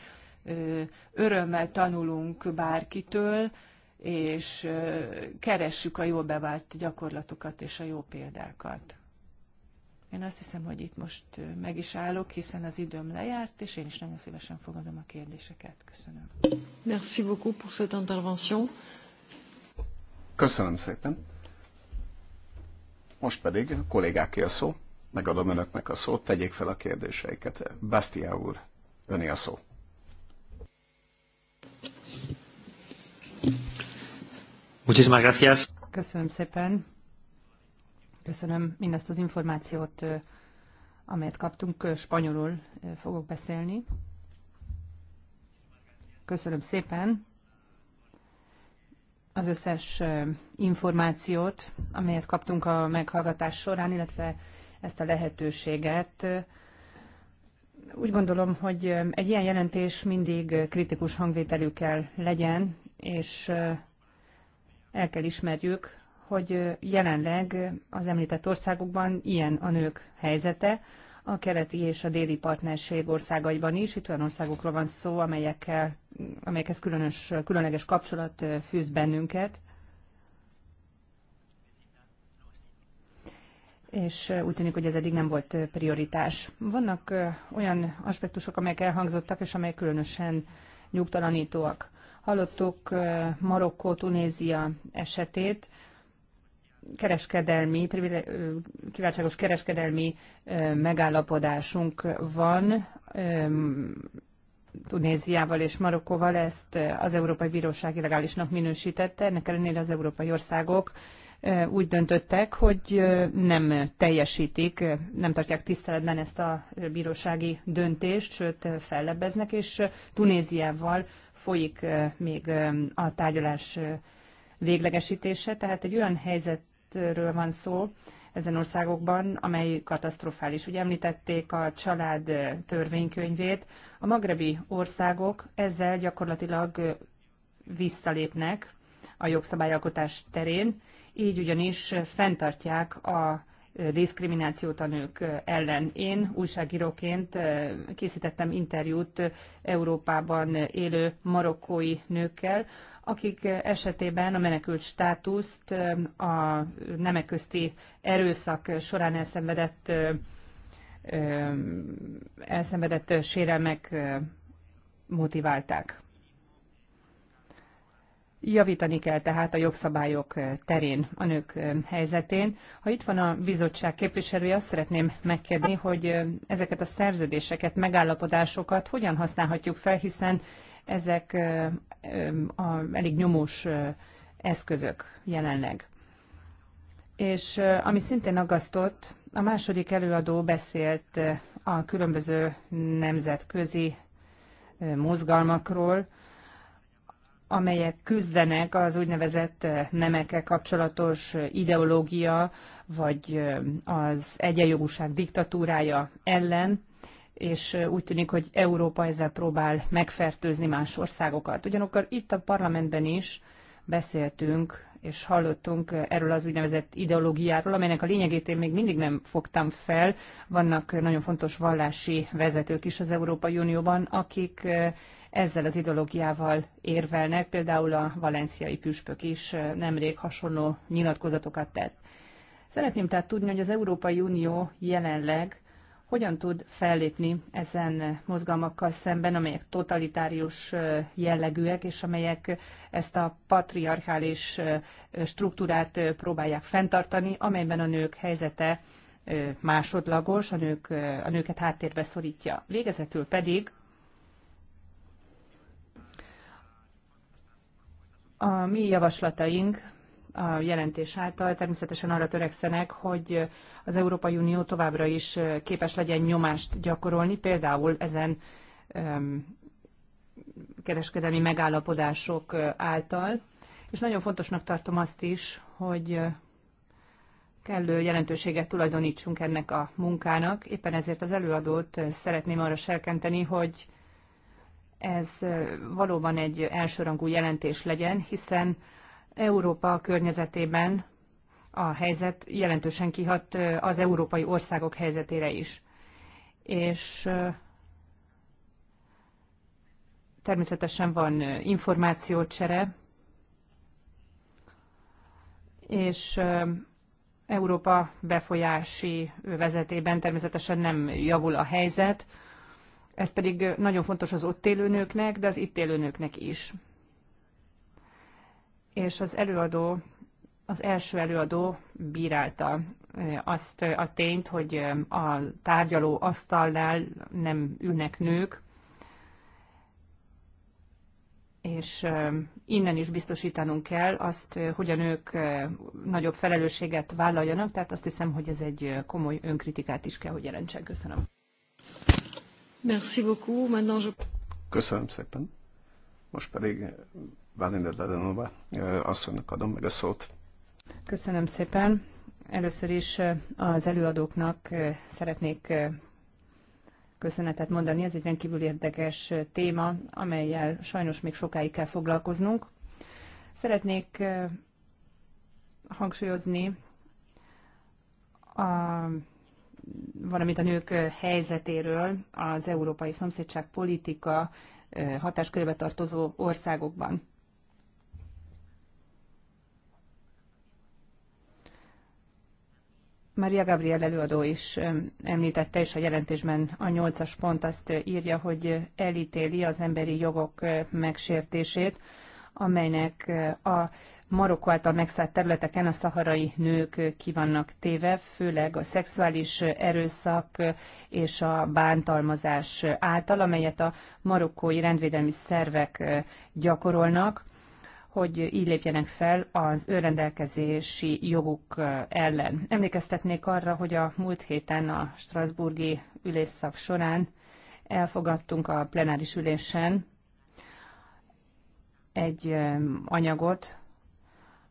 örömmel tanulunk bárkitől, és keressük a jól bevált gyakorlatokat és a jó példákat. Én azt hiszem, hogy itt most meg is állok, hiszen az időm lejárt, és én is nagyon szívesen fogadom a kérdéseket. Köszönöm. Merci beaucoup pour cette intervention. Köszönöm szépen. Most pedig a kollégáké a szó. Megadom önöknek a szót, tegyék fel a kérdéseiket. Bastia úr, öné a szó. Muchísimas gracias. Köszönöm szépen. Köszönöm mindazt az információt, amelyet kaptunk. Spanyolul fogok beszélni. Köszönöm szépen az összes információt, amelyet kaptunk a meghallgatás során, illetve ezt a lehetőséget. Úgy gondolom, hogy egy ilyen jelentés mindig kritikus hangvételű kell legyen, és el kell ismerjük, hogy jelenleg az említett országokban ilyen a nők helyzete, a keleti és a déli partnerség országaiban is. Itt olyan országokról van szó, amelyekkel, amelyekhez különös, különleges kapcsolat fűz bennünket. és úgy tűnik, hogy ez eddig nem volt prioritás. Vannak olyan aspektusok, amelyek elhangzottak, és amelyek különösen nyugtalanítóak. Hallottuk Marokkó, Tunézia esetét, kereskedelmi, kiváltságos kereskedelmi megállapodásunk van Tunéziával és Marokkóval, ezt az Európai Bíróság illegálisnak minősítette, ennek ellenére az európai országok úgy döntöttek, hogy nem teljesítik, nem tartják tiszteletben ezt a bírósági döntést, sőt fellebbeznek, és Tunéziával folyik még a tárgyalás véglegesítése, tehát egy olyan helyzet helyzetről van szó ezen országokban, amely katasztrofális. Ugye említették a család törvénykönyvét. A magrebi országok ezzel gyakorlatilag visszalépnek a jogszabályalkotás terén, így ugyanis fenntartják a diszkriminációt a nők ellen. Én újságíróként készítettem interjút Európában élő marokkói nőkkel, akik esetében a menekült státuszt a nemek közti erőszak során elszenvedett, elszenvedett sérelmek motiválták. Javítani kell tehát a jogszabályok terén a nők helyzetén. Ha itt van a bizottság képviselője, azt szeretném megkérni, hogy ezeket a szerződéseket, megállapodásokat hogyan használhatjuk fel, hiszen ezek a elég nyomós eszközök jelenleg. És ami szintén agasztott, a második előadó beszélt a különböző nemzetközi mozgalmakról, amelyek küzdenek az úgynevezett nemekkel kapcsolatos ideológia, vagy az egyenjogúság diktatúrája ellen, és úgy tűnik, hogy Európa ezzel próbál megfertőzni más országokat. Ugyanakkor itt a parlamentben is beszéltünk és hallottunk erről az úgynevezett ideológiáról, amelynek a lényegét én még mindig nem fogtam fel. Vannak nagyon fontos vallási vezetők is az Európai Unióban, akik ezzel az ideológiával érvelnek, például a valenciai püspök is nemrég hasonló nyilatkozatokat tett. Szeretném tehát tudni, hogy az Európai Unió jelenleg hogyan tud fellépni ezen mozgalmakkal szemben, amelyek totalitárius jellegűek, és amelyek ezt a patriarchális struktúrát próbálják fenntartani, amelyben a nők helyzete másodlagos, a, nők, a nőket háttérbe szorítja. Végezetül pedig a mi javaslataink a jelentés által természetesen arra törekszenek, hogy az Európai Unió továbbra is képes legyen nyomást gyakorolni, például ezen kereskedelmi megállapodások által. És nagyon fontosnak tartom azt is, hogy kellő jelentőséget tulajdonítsunk ennek a munkának. Éppen ezért az előadót szeretném arra serkenteni, hogy ez valóban egy elsőrangú jelentés legyen, hiszen Európa környezetében a helyzet jelentősen kihat az európai országok helyzetére is. És természetesen van információcsere, és Európa befolyási vezetében természetesen nem javul a helyzet, ez pedig nagyon fontos az ott élő nőknek, de az itt élő nőknek is és az előadó, az első előadó bírálta azt a tényt, hogy a tárgyaló asztalnál nem ülnek nők, és innen is biztosítanunk kell azt, hogy a nők nagyobb felelősséget vállaljanak, tehát azt hiszem, hogy ez egy komoly önkritikát is kell, hogy jelentsen. Köszönöm. Merci beaucoup. Maintenant je... Köszönöm szépen. Most pedig Valinda Dadanova asszonynak adom meg a szót. Köszönöm szépen. Először is az előadóknak szeretnék köszönetet mondani. Ez egy rendkívül érdekes téma, amelyel sajnos még sokáig kell foglalkoznunk. Szeretnék hangsúlyozni a, valamit a nők helyzetéről az európai szomszédság politika hatáskörbe tartozó országokban. Maria Gabriel előadó is említette, és a jelentésben a nyolcas pont azt írja, hogy elítéli az emberi jogok megsértését, amelynek a Marokko által megszállt területeken a szaharai nők vannak téve, főleg a szexuális erőszak és a bántalmazás által, amelyet a marokkói rendvédelmi szervek gyakorolnak hogy így lépjenek fel az önrendelkezési joguk ellen. Emlékeztetnék arra, hogy a múlt héten a Strasburgi ülésszak során elfogadtunk a plenáris ülésen egy anyagot,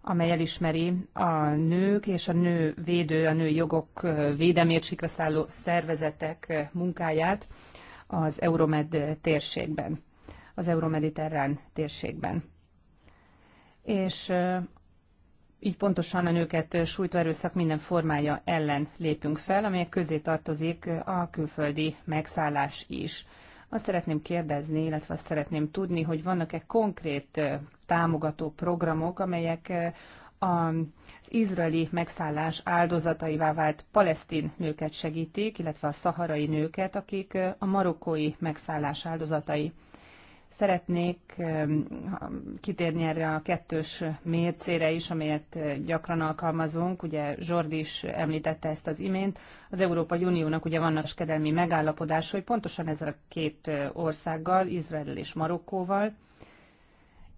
amely elismeri a nők és a nő védő, a nő jogok védelmért sikraszálló szervezetek munkáját az Euromed térségben, az Euromediterrán térségben és így pontosan a nőket sújtó erőszak minden formája ellen lépünk fel, amelyek közé tartozik a külföldi megszállás is. Azt szeretném kérdezni, illetve azt szeretném tudni, hogy vannak-e konkrét támogató programok, amelyek az izraeli megszállás áldozataivá vált palesztin nőket segítik, illetve a szaharai nőket, akik a marokkói megszállás áldozatai. Szeretnék kitérni erre a kettős mércére is, amelyet gyakran alkalmazunk. Ugye Zsordi is említette ezt az imént. Az Európai Uniónak ugye vannak kedelmi megállapodás, hogy pontosan ezzel a két országgal, Izrael és Marokkóval,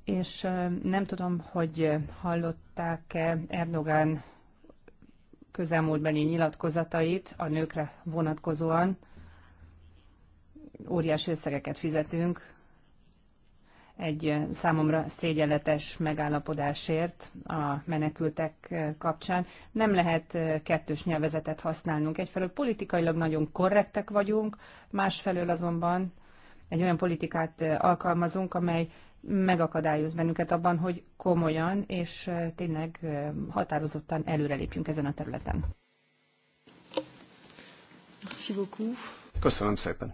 és nem tudom, hogy hallották-e Erdogan közelmúltbeli nyilatkozatait a nőkre vonatkozóan. Óriási összegeket fizetünk egy számomra szégyenletes megállapodásért a menekültek kapcsán. Nem lehet kettős nyelvezetet használnunk. Egyfelől politikailag nagyon korrektek vagyunk, másfelől azonban egy olyan politikát alkalmazunk, amely megakadályoz bennünket abban, hogy komolyan és tényleg határozottan előrelépjünk ezen a területen. Köszönöm szépen.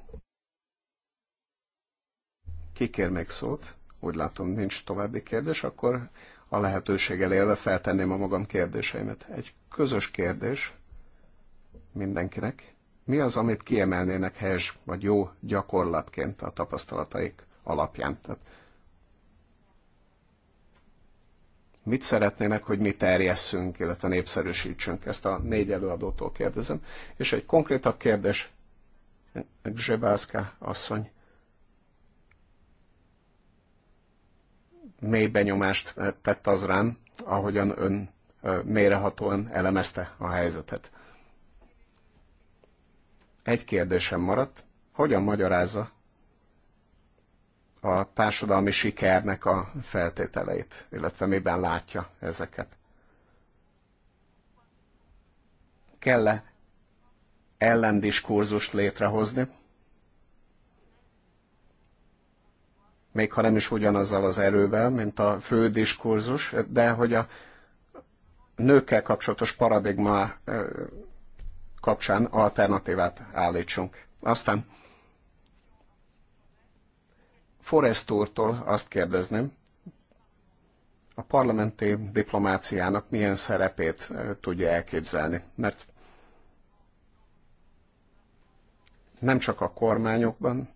Kikér még szót? Úgy látom, nincs további kérdés, akkor a lehetőséggel élve feltenném a magam kérdéseimet. Egy közös kérdés mindenkinek. Mi az, amit kiemelnének helyes vagy jó gyakorlatként a tapasztalataik alapján? Tehát mit szeretnének, hogy mi terjesszünk, illetve népszerűsítsünk. Ezt a négy előadótól kérdezem. És egy konkrétabb kérdés, Zsebászka asszony mély benyomást tett az rám, ahogyan ön mélyrehatóan elemezte a helyzetet. Egy kérdésem maradt, hogyan magyarázza a társadalmi sikernek a feltételeit, illetve miben látja ezeket? Kell-e ellendiskurzust létrehozni még ha nem is ugyanazzal az erővel, mint a fő diskurzus, de hogy a nőkkel kapcsolatos paradigma kapcsán alternatívát állítsunk. Aztán Forrest úrtól azt kérdezném, a parlamenti diplomáciának milyen szerepét tudja elképzelni, mert nem csak a kormányokban,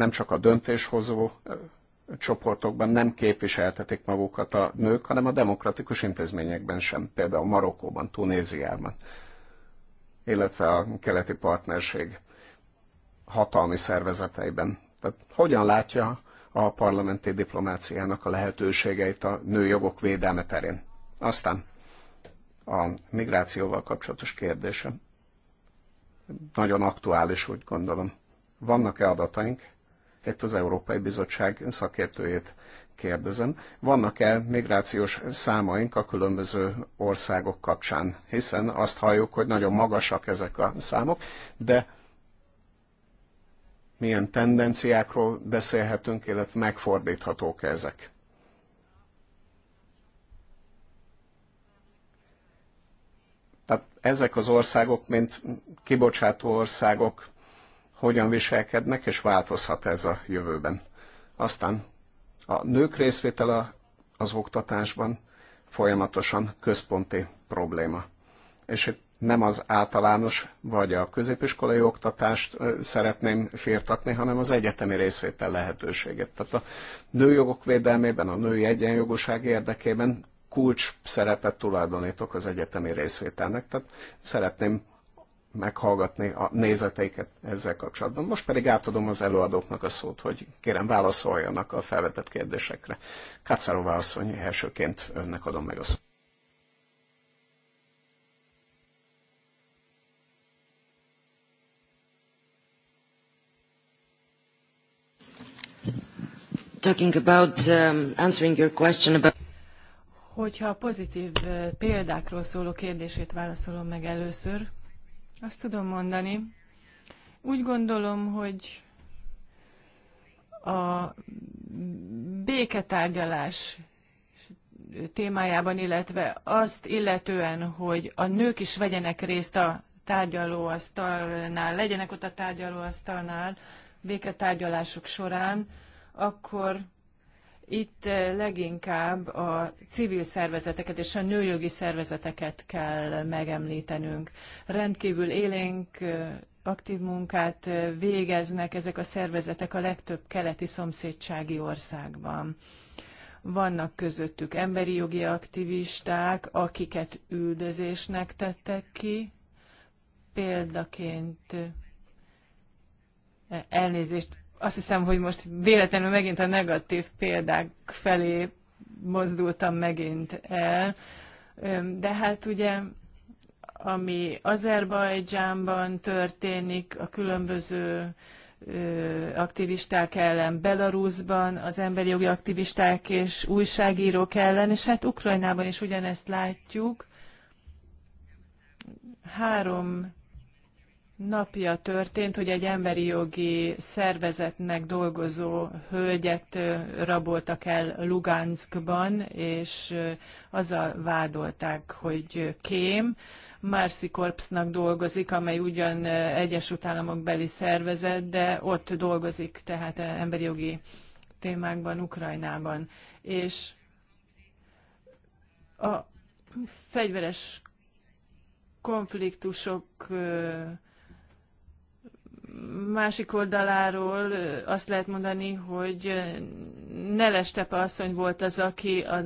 nem csak a döntéshozó csoportokban nem képviseltetik magukat a nők, hanem a demokratikus intézményekben sem, például Marokkóban, Tunéziában, illetve a keleti partnerség hatalmi szervezeteiben. Tehát hogyan látja a parlamenti diplomáciának a lehetőségeit a nőjogok védelme terén? Aztán a migrációval kapcsolatos kérdése. Nagyon aktuális, úgy gondolom. Vannak-e adataink itt az Európai Bizottság szakértőjét kérdezem. Vannak-e migrációs számaink a különböző országok kapcsán? Hiszen azt halljuk, hogy nagyon magasak ezek a számok, de milyen tendenciákról beszélhetünk, illetve megfordíthatók -e ezek? Tehát ezek az országok, mint kibocsátó országok, hogyan viselkednek, és változhat ez a jövőben. Aztán a nők részvétele az oktatásban folyamatosan központi probléma. És itt nem az általános vagy a középiskolai oktatást szeretném firtatni, hanem az egyetemi részvétel lehetőséget. Tehát a nőjogok védelmében, a női egyenjogoság érdekében kulcs szerepet tulajdonítok az egyetemi részvételnek, tehát szeretném meghallgatni a nézeteiket ezzel kapcsolatban. Most pedig átadom az előadóknak a szót, hogy kérem válaszoljanak a felvetett kérdésekre. Kacarova asszony, elsőként önnek adom meg a szót. Talking about um, answering your question about Hogyha pozitív eh, példákról szóló kérdését válaszolom meg először, azt tudom mondani. Úgy gondolom, hogy a béketárgyalás témájában, illetve azt illetően, hogy a nők is vegyenek részt a tárgyalóasztalnál, legyenek ott a tárgyalóasztalnál béketárgyalások során, akkor itt eh, leginkább a civil szervezeteket és a nőjogi szervezeteket kell megemlítenünk. Rendkívül élénk eh, aktív munkát eh, végeznek ezek a szervezetek a legtöbb keleti szomszédsági országban. Vannak közöttük emberi jogi aktivisták, akiket üldözésnek tettek ki, példaként elnézést azt hiszem, hogy most véletlenül megint a negatív példák felé mozdultam megint el, de hát ugye ami Azerbajdzsánban történik, a különböző aktivisták ellen, Belarusban az emberi jogi aktivisták és újságírók ellen, és hát Ukrajnában is ugyanezt látjuk. Három napja történt, hogy egy emberi jogi szervezetnek dolgozó hölgyet raboltak el Luganskban, és azzal vádolták, hogy kém. Marsi Korpsnak dolgozik, amely ugyan Egyesült Államok beli szervezet, de ott dolgozik, tehát emberi jogi témákban, Ukrajnában. És a fegyveres konfliktusok másik oldaláról azt lehet mondani, hogy Nelestepe asszony volt az, aki a,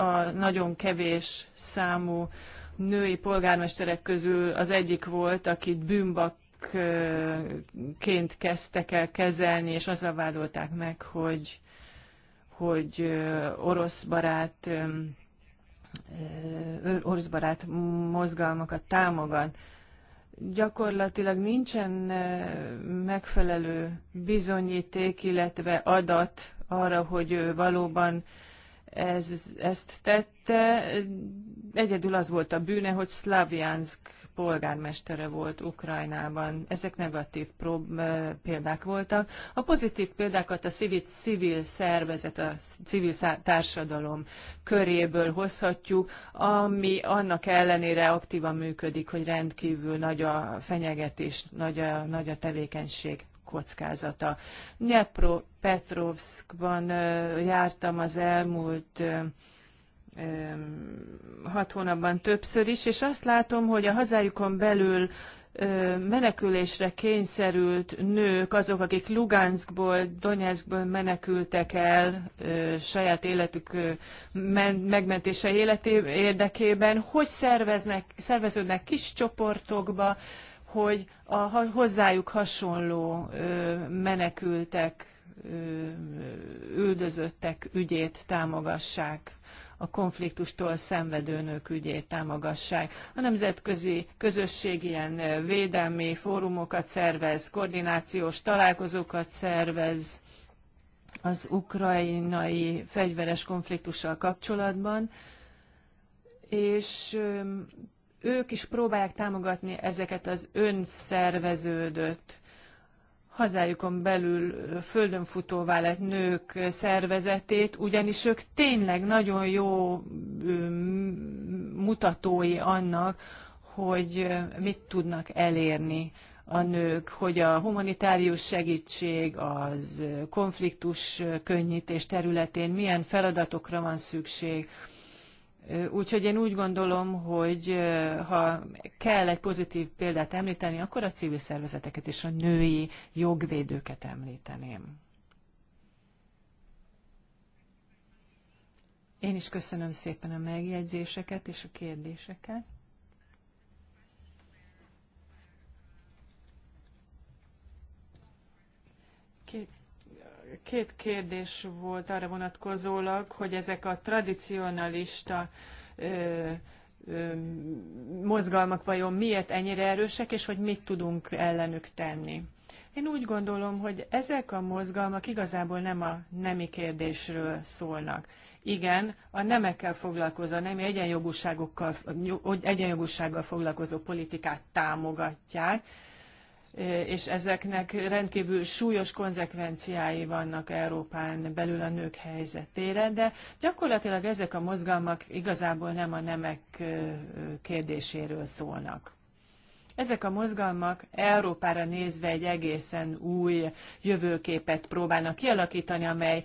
a nagyon kevés számú női polgármesterek közül az egyik volt, akit bűnbakként kezdtek el kezelni, és azzal vádolták meg, hogy, hogy orosz barát orosz barát mozgalmakat támogat gyakorlatilag nincsen megfelelő bizonyíték, illetve adat arra, hogy ő valóban ez, ezt tette. Egyedül az volt a bűne, hogy Szlavjansk polgármestere volt Ukrajnában. Ezek negatív példák voltak. A pozitív példákat a civil, civil szervezet, a civil társadalom köréből hozhatjuk, ami annak ellenére aktívan működik, hogy rendkívül nagy a fenyegetés, nagy a, nagy a tevékenység kockázata. Petrovskban jártam az elmúlt hat hónapban többször is, és azt látom, hogy a hazájukon belül menekülésre kényszerült nők, azok, akik Luganskból, Donetskből menekültek el saját életük megmentése életé érdekében, hogy szerveznek, szerveződnek kis csoportokba, hogy a hozzájuk hasonló menekültek, üldözöttek ügyét támogassák a konfliktustól szenvedő nők ügyét támogassák. A nemzetközi közösség ilyen eh, védelmi fórumokat szervez, koordinációs találkozókat szervez az ukrajnai fegyveres konfliktussal kapcsolatban, és eh, ők is próbálják támogatni ezeket az önszerveződött hazájukon belül földön futóvá lett nők szervezetét, ugyanis ők tényleg nagyon jó mutatói annak, hogy mit tudnak elérni a nők, hogy a humanitárius segítség, az konfliktus könnyítés területén milyen feladatokra van szükség, Úgyhogy én úgy gondolom, hogy ha kell egy pozitív példát említeni, akkor a civil szervezeteket és a női jogvédőket említeném. Én is köszönöm szépen a megjegyzéseket és a kérdéseket. Két Két kérdés volt arra vonatkozólag, hogy ezek a tradicionalista ö, ö, mozgalmak vajon miért ennyire erősek, és hogy mit tudunk ellenük tenni. Én úgy gondolom, hogy ezek a mozgalmak igazából nem a nemi kérdésről szólnak. Igen, a nemekkel foglalkozó, a nemi egyenjogúságokkal, egyenjogúsággal foglalkozó politikát támogatják, és ezeknek rendkívül súlyos konzekvenciái vannak Európán belül a nők helyzetére, de gyakorlatilag ezek a mozgalmak igazából nem a nemek kérdéséről szólnak. Ezek a mozgalmak Európára nézve egy egészen új jövőképet próbálnak kialakítani, amely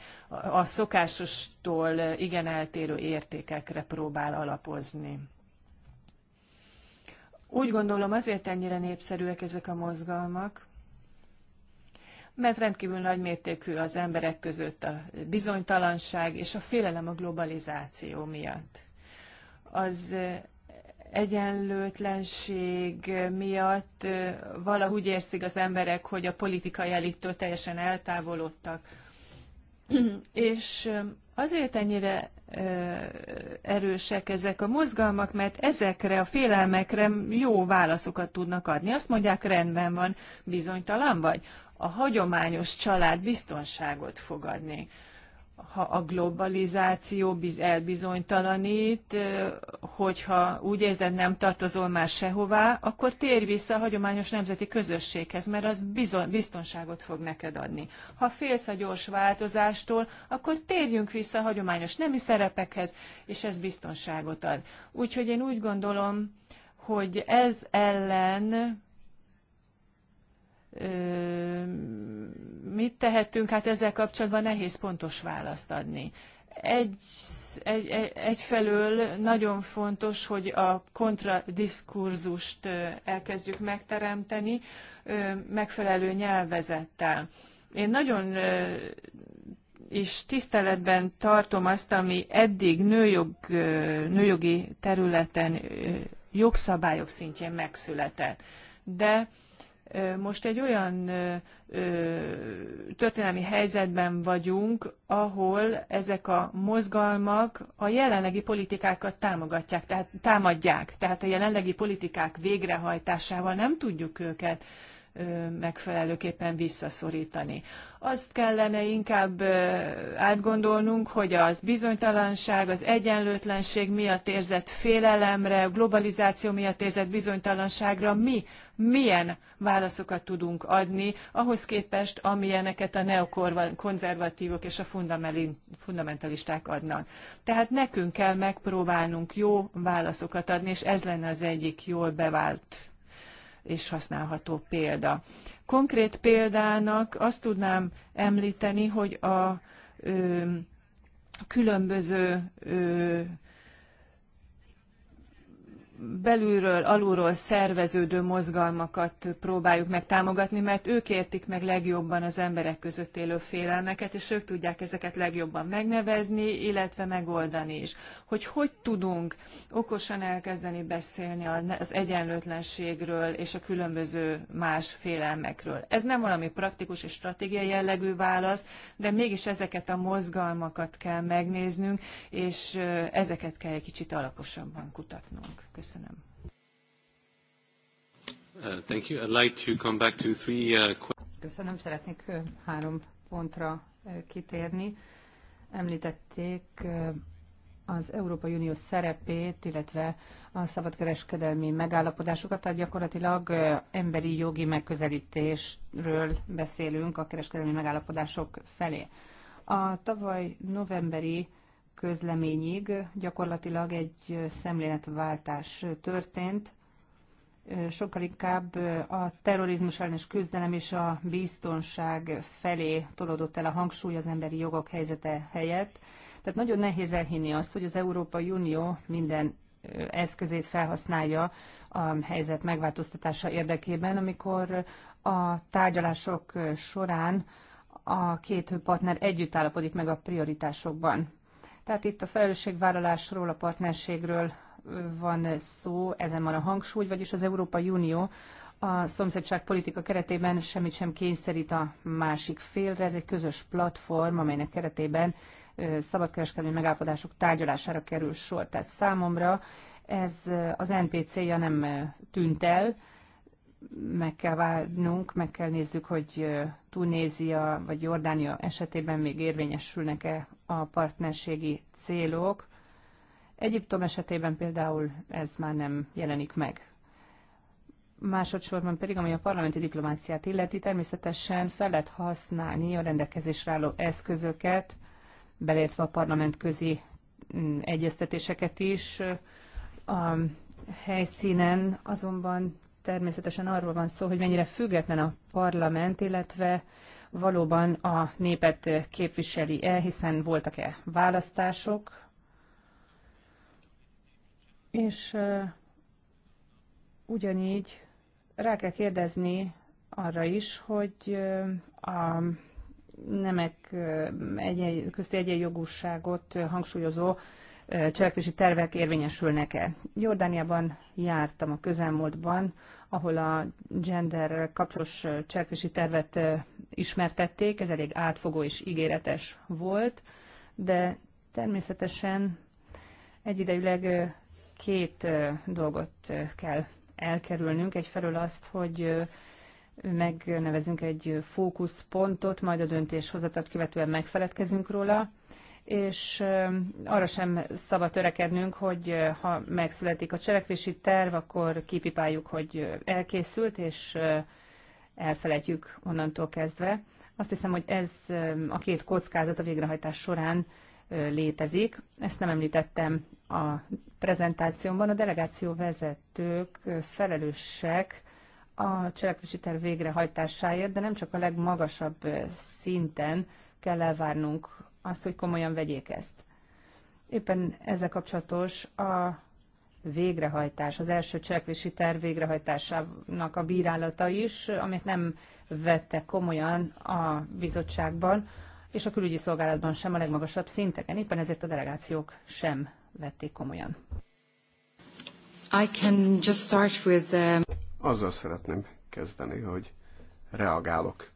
a szokásostól igen eltérő értékekre próbál alapozni. Úgy gondolom azért ennyire népszerűek ezek a mozgalmak, mert rendkívül nagy mértékű az emberek között a bizonytalanság és a félelem a globalizáció miatt. Az egyenlőtlenség miatt valahogy érzik az emberek, hogy a politikai elittől teljesen eltávolodtak. (clears throat) és azért ennyire erősek ezek a mozgalmak, mert ezekre a félelmekre jó válaszokat tudnak adni. Azt mondják, rendben van, bizonytalan vagy. A hagyományos család biztonságot fog adni ha a globalizáció elbizonytalanít, hogyha úgy érzed nem tartozol már sehová, akkor térj vissza a hagyományos nemzeti közösséghez, mert az bizon, biztonságot fog neked adni. Ha félsz a gyors változástól, akkor térjünk vissza a hagyományos nemi szerepekhez, és ez biztonságot ad. Úgyhogy én úgy gondolom, hogy ez ellen mit tehetünk? Hát ezzel kapcsolatban nehéz pontos választ adni. Egy, egy, egy, egyfelől nagyon fontos, hogy a kontradiskurzust elkezdjük megteremteni megfelelő nyelvezettel. Én nagyon és tiszteletben tartom azt, ami eddig nőjog, nőjogi területen jogszabályok szintjén megszületett. De most egy olyan történelmi helyzetben vagyunk, ahol ezek a mozgalmak a jelenlegi politikákat támogatják, tehát támadják. Tehát a jelenlegi politikák végrehajtásával nem tudjuk őket megfelelőképpen visszaszorítani. Azt kellene inkább átgondolnunk, hogy az bizonytalanság, az egyenlőtlenség miatt érzett félelemre, globalizáció miatt érzett bizonytalanságra mi milyen válaszokat tudunk adni ahhoz képest, amilyeneket a neokonzervatívok és a fundamentalisták adnak. Tehát nekünk kell megpróbálnunk jó válaszokat adni, és ez lenne az egyik jól bevált és használható példa. Konkrét példának azt tudnám említeni, hogy a ö, különböző ö, belülről, alulról szerveződő mozgalmakat próbáljuk meg támogatni, mert ők értik meg legjobban az emberek között élő félelmeket, és ők tudják ezeket legjobban megnevezni, illetve megoldani is. Hogy hogy tudunk okosan elkezdeni beszélni az egyenlőtlenségről és a különböző más félelmekről. Ez nem valami praktikus és stratégiai jellegű válasz, de mégis ezeket a mozgalmakat kell megnéznünk, és ezeket kell egy kicsit alaposabban kutatnunk. Köszönöm. Köszönöm. Uh, thank you. I'd like to come back to three, uh... Köszönöm. Szeretnék három pontra kitérni. Említették az Európai Unió szerepét, illetve a szabadkereskedelmi megállapodásokat, tehát gyakorlatilag emberi jogi megközelítésről beszélünk a kereskedelmi megállapodások felé. A tavaly novemberi közleményig gyakorlatilag egy szemléletváltás történt, sokkal inkább a terrorizmus ellenes küzdelem és a biztonság felé tolódott el a hangsúly az emberi jogok helyzete helyett. Tehát nagyon nehéz elhinni azt, hogy az Európai Unió minden eszközét felhasználja a helyzet megváltoztatása érdekében, amikor a tárgyalások során a két partner együtt állapodik meg a prioritásokban. Tehát itt a felelősségvállalásról, a partnerségről van szó, ezen van a hangsúly, vagyis az Európai Unió a szomszédság politika keretében semmit sem kényszerít a másik félre. Ez egy közös platform, amelynek keretében szabadkereskedelmi megállapodások tárgyalására kerül sor. Tehát számomra ez az NPC-ja nem tűnt el, meg kell várnunk, meg kell nézzük, hogy Tunézia vagy Jordánia esetében még érvényesülnek-e a partnerségi célok. Egyiptom esetében például ez már nem jelenik meg. Másodszorban pedig, ami a parlamenti diplomáciát illeti, természetesen fel lehet használni a rendelkezésre álló eszközöket, beleértve a parlament közi mm, egyeztetéseket is. A helyszínen azonban természetesen arról van szó, hogy mennyire független a parlament, illetve valóban a népet képviseli-e, hiszen voltak-e választások, és uh, ugyanígy rá kell kérdezni arra is, hogy uh, a nemek uh, egy, közti egyenjogúságot hangsúlyozó cselekvési tervek érvényesülnek-e. Jordániában jártam a közelmúltban, ahol a gender kapcsolatos cselekvési tervet ismertették, ez elég átfogó és ígéretes volt, de természetesen egyidejűleg két dolgot kell elkerülnünk. Egyfelől azt, hogy megnevezünk egy fókuszpontot, majd a döntéshozatat követően megfeledkezünk róla és arra sem szabad törekednünk, hogy ha megszületik a cselekvési terv, akkor kipipáljuk, hogy elkészült, és elfelejtjük onnantól kezdve. Azt hiszem, hogy ez a két kockázat a végrehajtás során létezik. Ezt nem említettem a prezentációmban. A delegáció vezetők felelősek a cselekvési terv végrehajtásáért, de nem csak a legmagasabb szinten kell elvárnunk azt, hogy komolyan vegyék ezt. Éppen ezzel kapcsolatos a végrehajtás, az első cselekvési terv végrehajtásának a bírálata is, amit nem vettek komolyan a bizottságban, és a külügyi szolgálatban sem a legmagasabb szinteken, éppen ezért a delegációk sem vették komolyan. I can just start with the... Um, Azzal szeretném kezdeni, hogy reagálok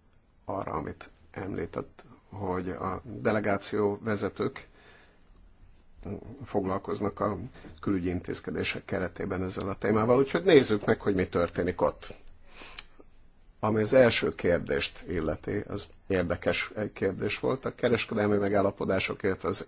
arra, amit említett hogy a delegáció vezetők foglalkoznak a külügyi intézkedések keretében ezzel a témával, úgyhogy nézzük meg, hogy mi történik ott. Ami az első kérdést illeti, az érdekes kérdés volt, a kereskedelmi megállapodások, illetve az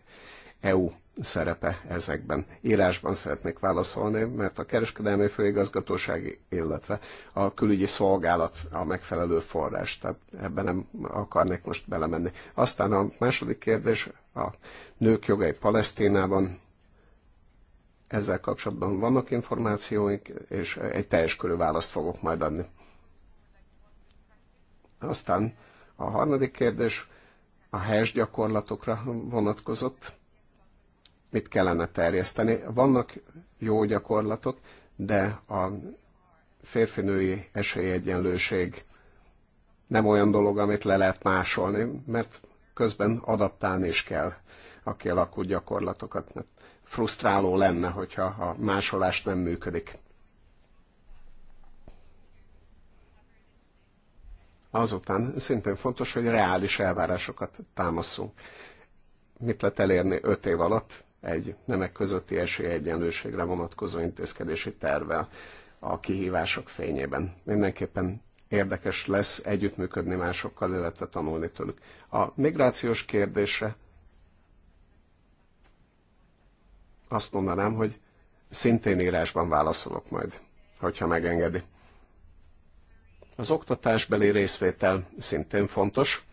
EU szerepe ezekben. Írásban szeretnék válaszolni, mert a kereskedelmi főigazgatóság, illetve a külügyi szolgálat a megfelelő forrás, tehát ebben nem akarnék most belemenni. Aztán a második kérdés a nők jogai Palesztinában. Ezzel kapcsolatban vannak információink, és egy teljes körű választ fogok majd adni. Aztán a harmadik kérdés a helyes gyakorlatokra vonatkozott mit kellene terjeszteni. Vannak jó gyakorlatok, de a férfinői esélyegyenlőség nem olyan dolog, amit le lehet másolni, mert közben adaptálni is kell a kialakult gyakorlatokat. Mert frusztráló lenne, hogyha a másolás nem működik. Azután szintén fontos, hogy reális elvárásokat támaszunk. Mit lehet elérni öt év alatt? egy nemek közötti esélyegyenlőségre vonatkozó intézkedési tervvel a kihívások fényében. Mindenképpen érdekes lesz együttműködni másokkal, illetve tanulni tőlük. A migrációs kérdése azt mondanám, hogy szintén írásban válaszolok majd, hogyha megengedi. Az oktatásbeli részvétel szintén fontos,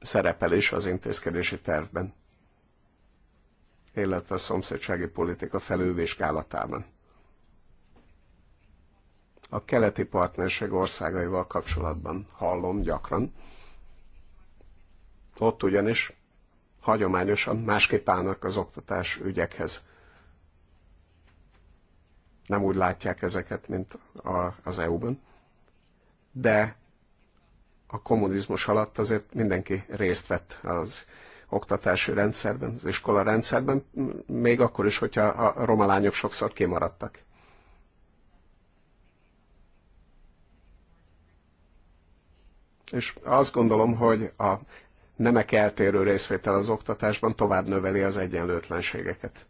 szerepel is az intézkedési tervben illetve a szomszédsági politika felülvizsgálatában. A keleti partnerség országaival kapcsolatban hallom gyakran. Ott ugyanis hagyományosan másképp állnak az oktatás ügyekhez. Nem úgy látják ezeket, mint a, az EU-ban. De a kommunizmus alatt azért mindenki részt vett az oktatási rendszerben, az iskola rendszerben, még akkor is, hogyha a roma lányok sokszor kimaradtak. És azt gondolom, hogy a nemek eltérő részvétel az oktatásban tovább növeli az egyenlőtlenségeket.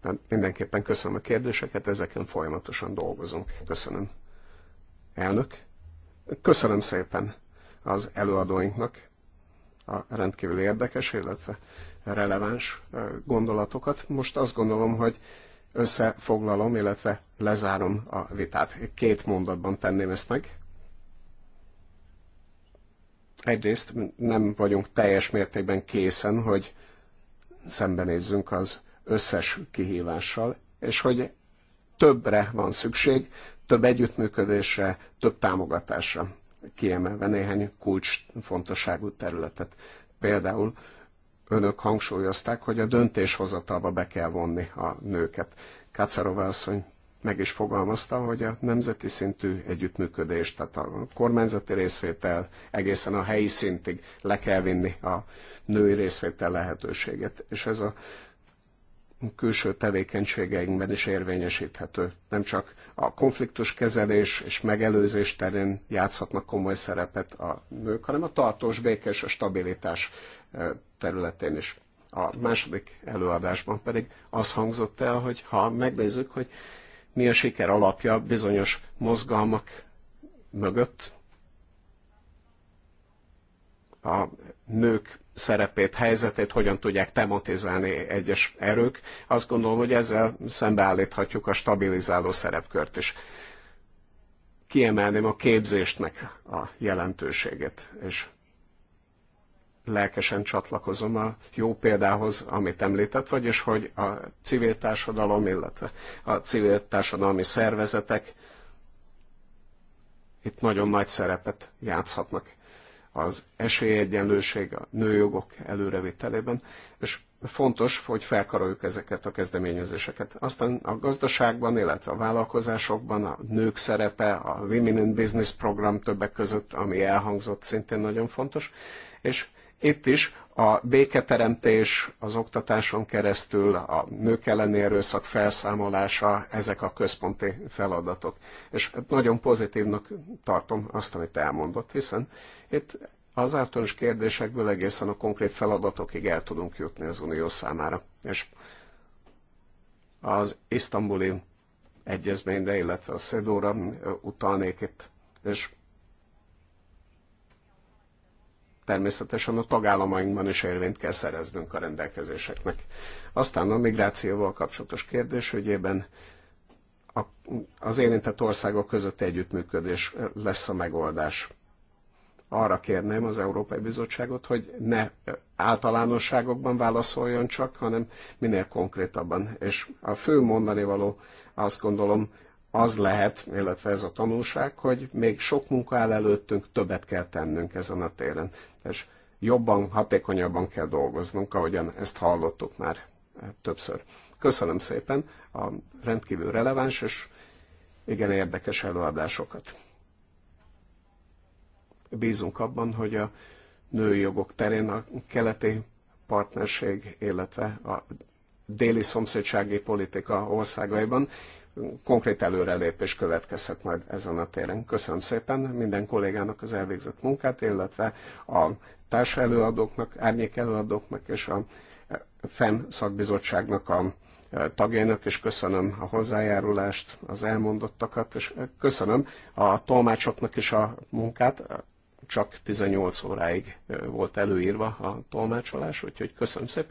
Tehát mindenképpen köszönöm a kérdéseket, ezeken folyamatosan dolgozunk. Köszönöm. Elnök, köszönöm szépen az előadóinknak a rendkívül érdekes, illetve releváns gondolatokat. Most azt gondolom, hogy összefoglalom, illetve lezárom a vitát. Két mondatban tenném ezt meg. Egyrészt nem vagyunk teljes mértékben készen, hogy szembenézzünk az összes kihívással, és hogy többre van szükség, több együttműködésre, több támogatásra kiemelve néhány kulcs fontosságú területet. Például önök hangsúlyozták, hogy a döntéshozatalba be kell vonni a nőket. Kacarova asszony meg is fogalmazta, hogy a nemzeti szintű együttműködés, tehát a kormányzati részvétel egészen a helyi szintig le kell vinni a női részvétel lehetőséget. És ez a külső tevékenységeinkben is érvényesíthető. Nem csak a konfliktus kezelés és megelőzés terén játszhatnak komoly szerepet a nők, hanem a tartós békés a stabilitás területén is. A második előadásban pedig az hangzott el, hogy ha megnézzük, hogy mi a siker alapja bizonyos mozgalmak mögött, a nők szerepét, helyzetét hogyan tudják tematizálni egyes erők. Azt gondolom, hogy ezzel szembeállíthatjuk a stabilizáló szerepkört is. Kiemelném a képzésnek a jelentőségét, és lelkesen csatlakozom a jó példához, amit említett, vagyis hogy a civil társadalom, illetve a civil társadalmi szervezetek itt nagyon nagy szerepet játszhatnak az esélyegyenlőség, a nőjogok előrevételében, és fontos, hogy felkaroljuk ezeket a kezdeményezéseket. Aztán a gazdaságban, illetve a vállalkozásokban a nők szerepe, a Women in Business program többek között, ami elhangzott, szintén nagyon fontos, és itt is a béketeremtés, az oktatáson keresztül, a nők elleni erőszak felszámolása, ezek a központi feladatok. És nagyon pozitívnak tartom azt, amit elmondott, hiszen itt az általános kérdésekből egészen a konkrét feladatokig el tudunk jutni az Unió számára. És az isztambuli egyezményre, illetve a szedóra utalnék itt. És természetesen a tagállamainkban is érvényt kell szereznünk a rendelkezéseknek. Aztán a migrációval kapcsolatos kérdés ében az érintett országok között együttműködés lesz a megoldás. Arra kérném az Európai Bizottságot, hogy ne általánosságokban válaszoljon csak, hanem minél konkrétabban. És a fő mondani való azt gondolom az lehet, illetve ez a tanulság, hogy még sok munka áll előttünk, többet kell tennünk ezen a téren. És jobban, hatékonyabban kell dolgoznunk, ahogyan ezt hallottuk már többször. Köszönöm szépen a rendkívül releváns és igen érdekes előadásokat. Bízunk abban, hogy a női jogok terén a keleti partnerség, illetve a déli szomszédsági politika országaiban konkrét előrelépés következhet majd ezen a téren. Köszönöm szépen minden kollégának az elvégzett munkát, illetve a társ előadóknak, árnyék előadóknak és a FEM szakbizottságnak a e, tagjainak, és köszönöm a hozzájárulást, az elmondottakat, és e, köszönöm a tolmácsoknak is a munkát, csak 18 óráig e, volt előírva a tolmácsolás, úgyhogy köszönöm szépen.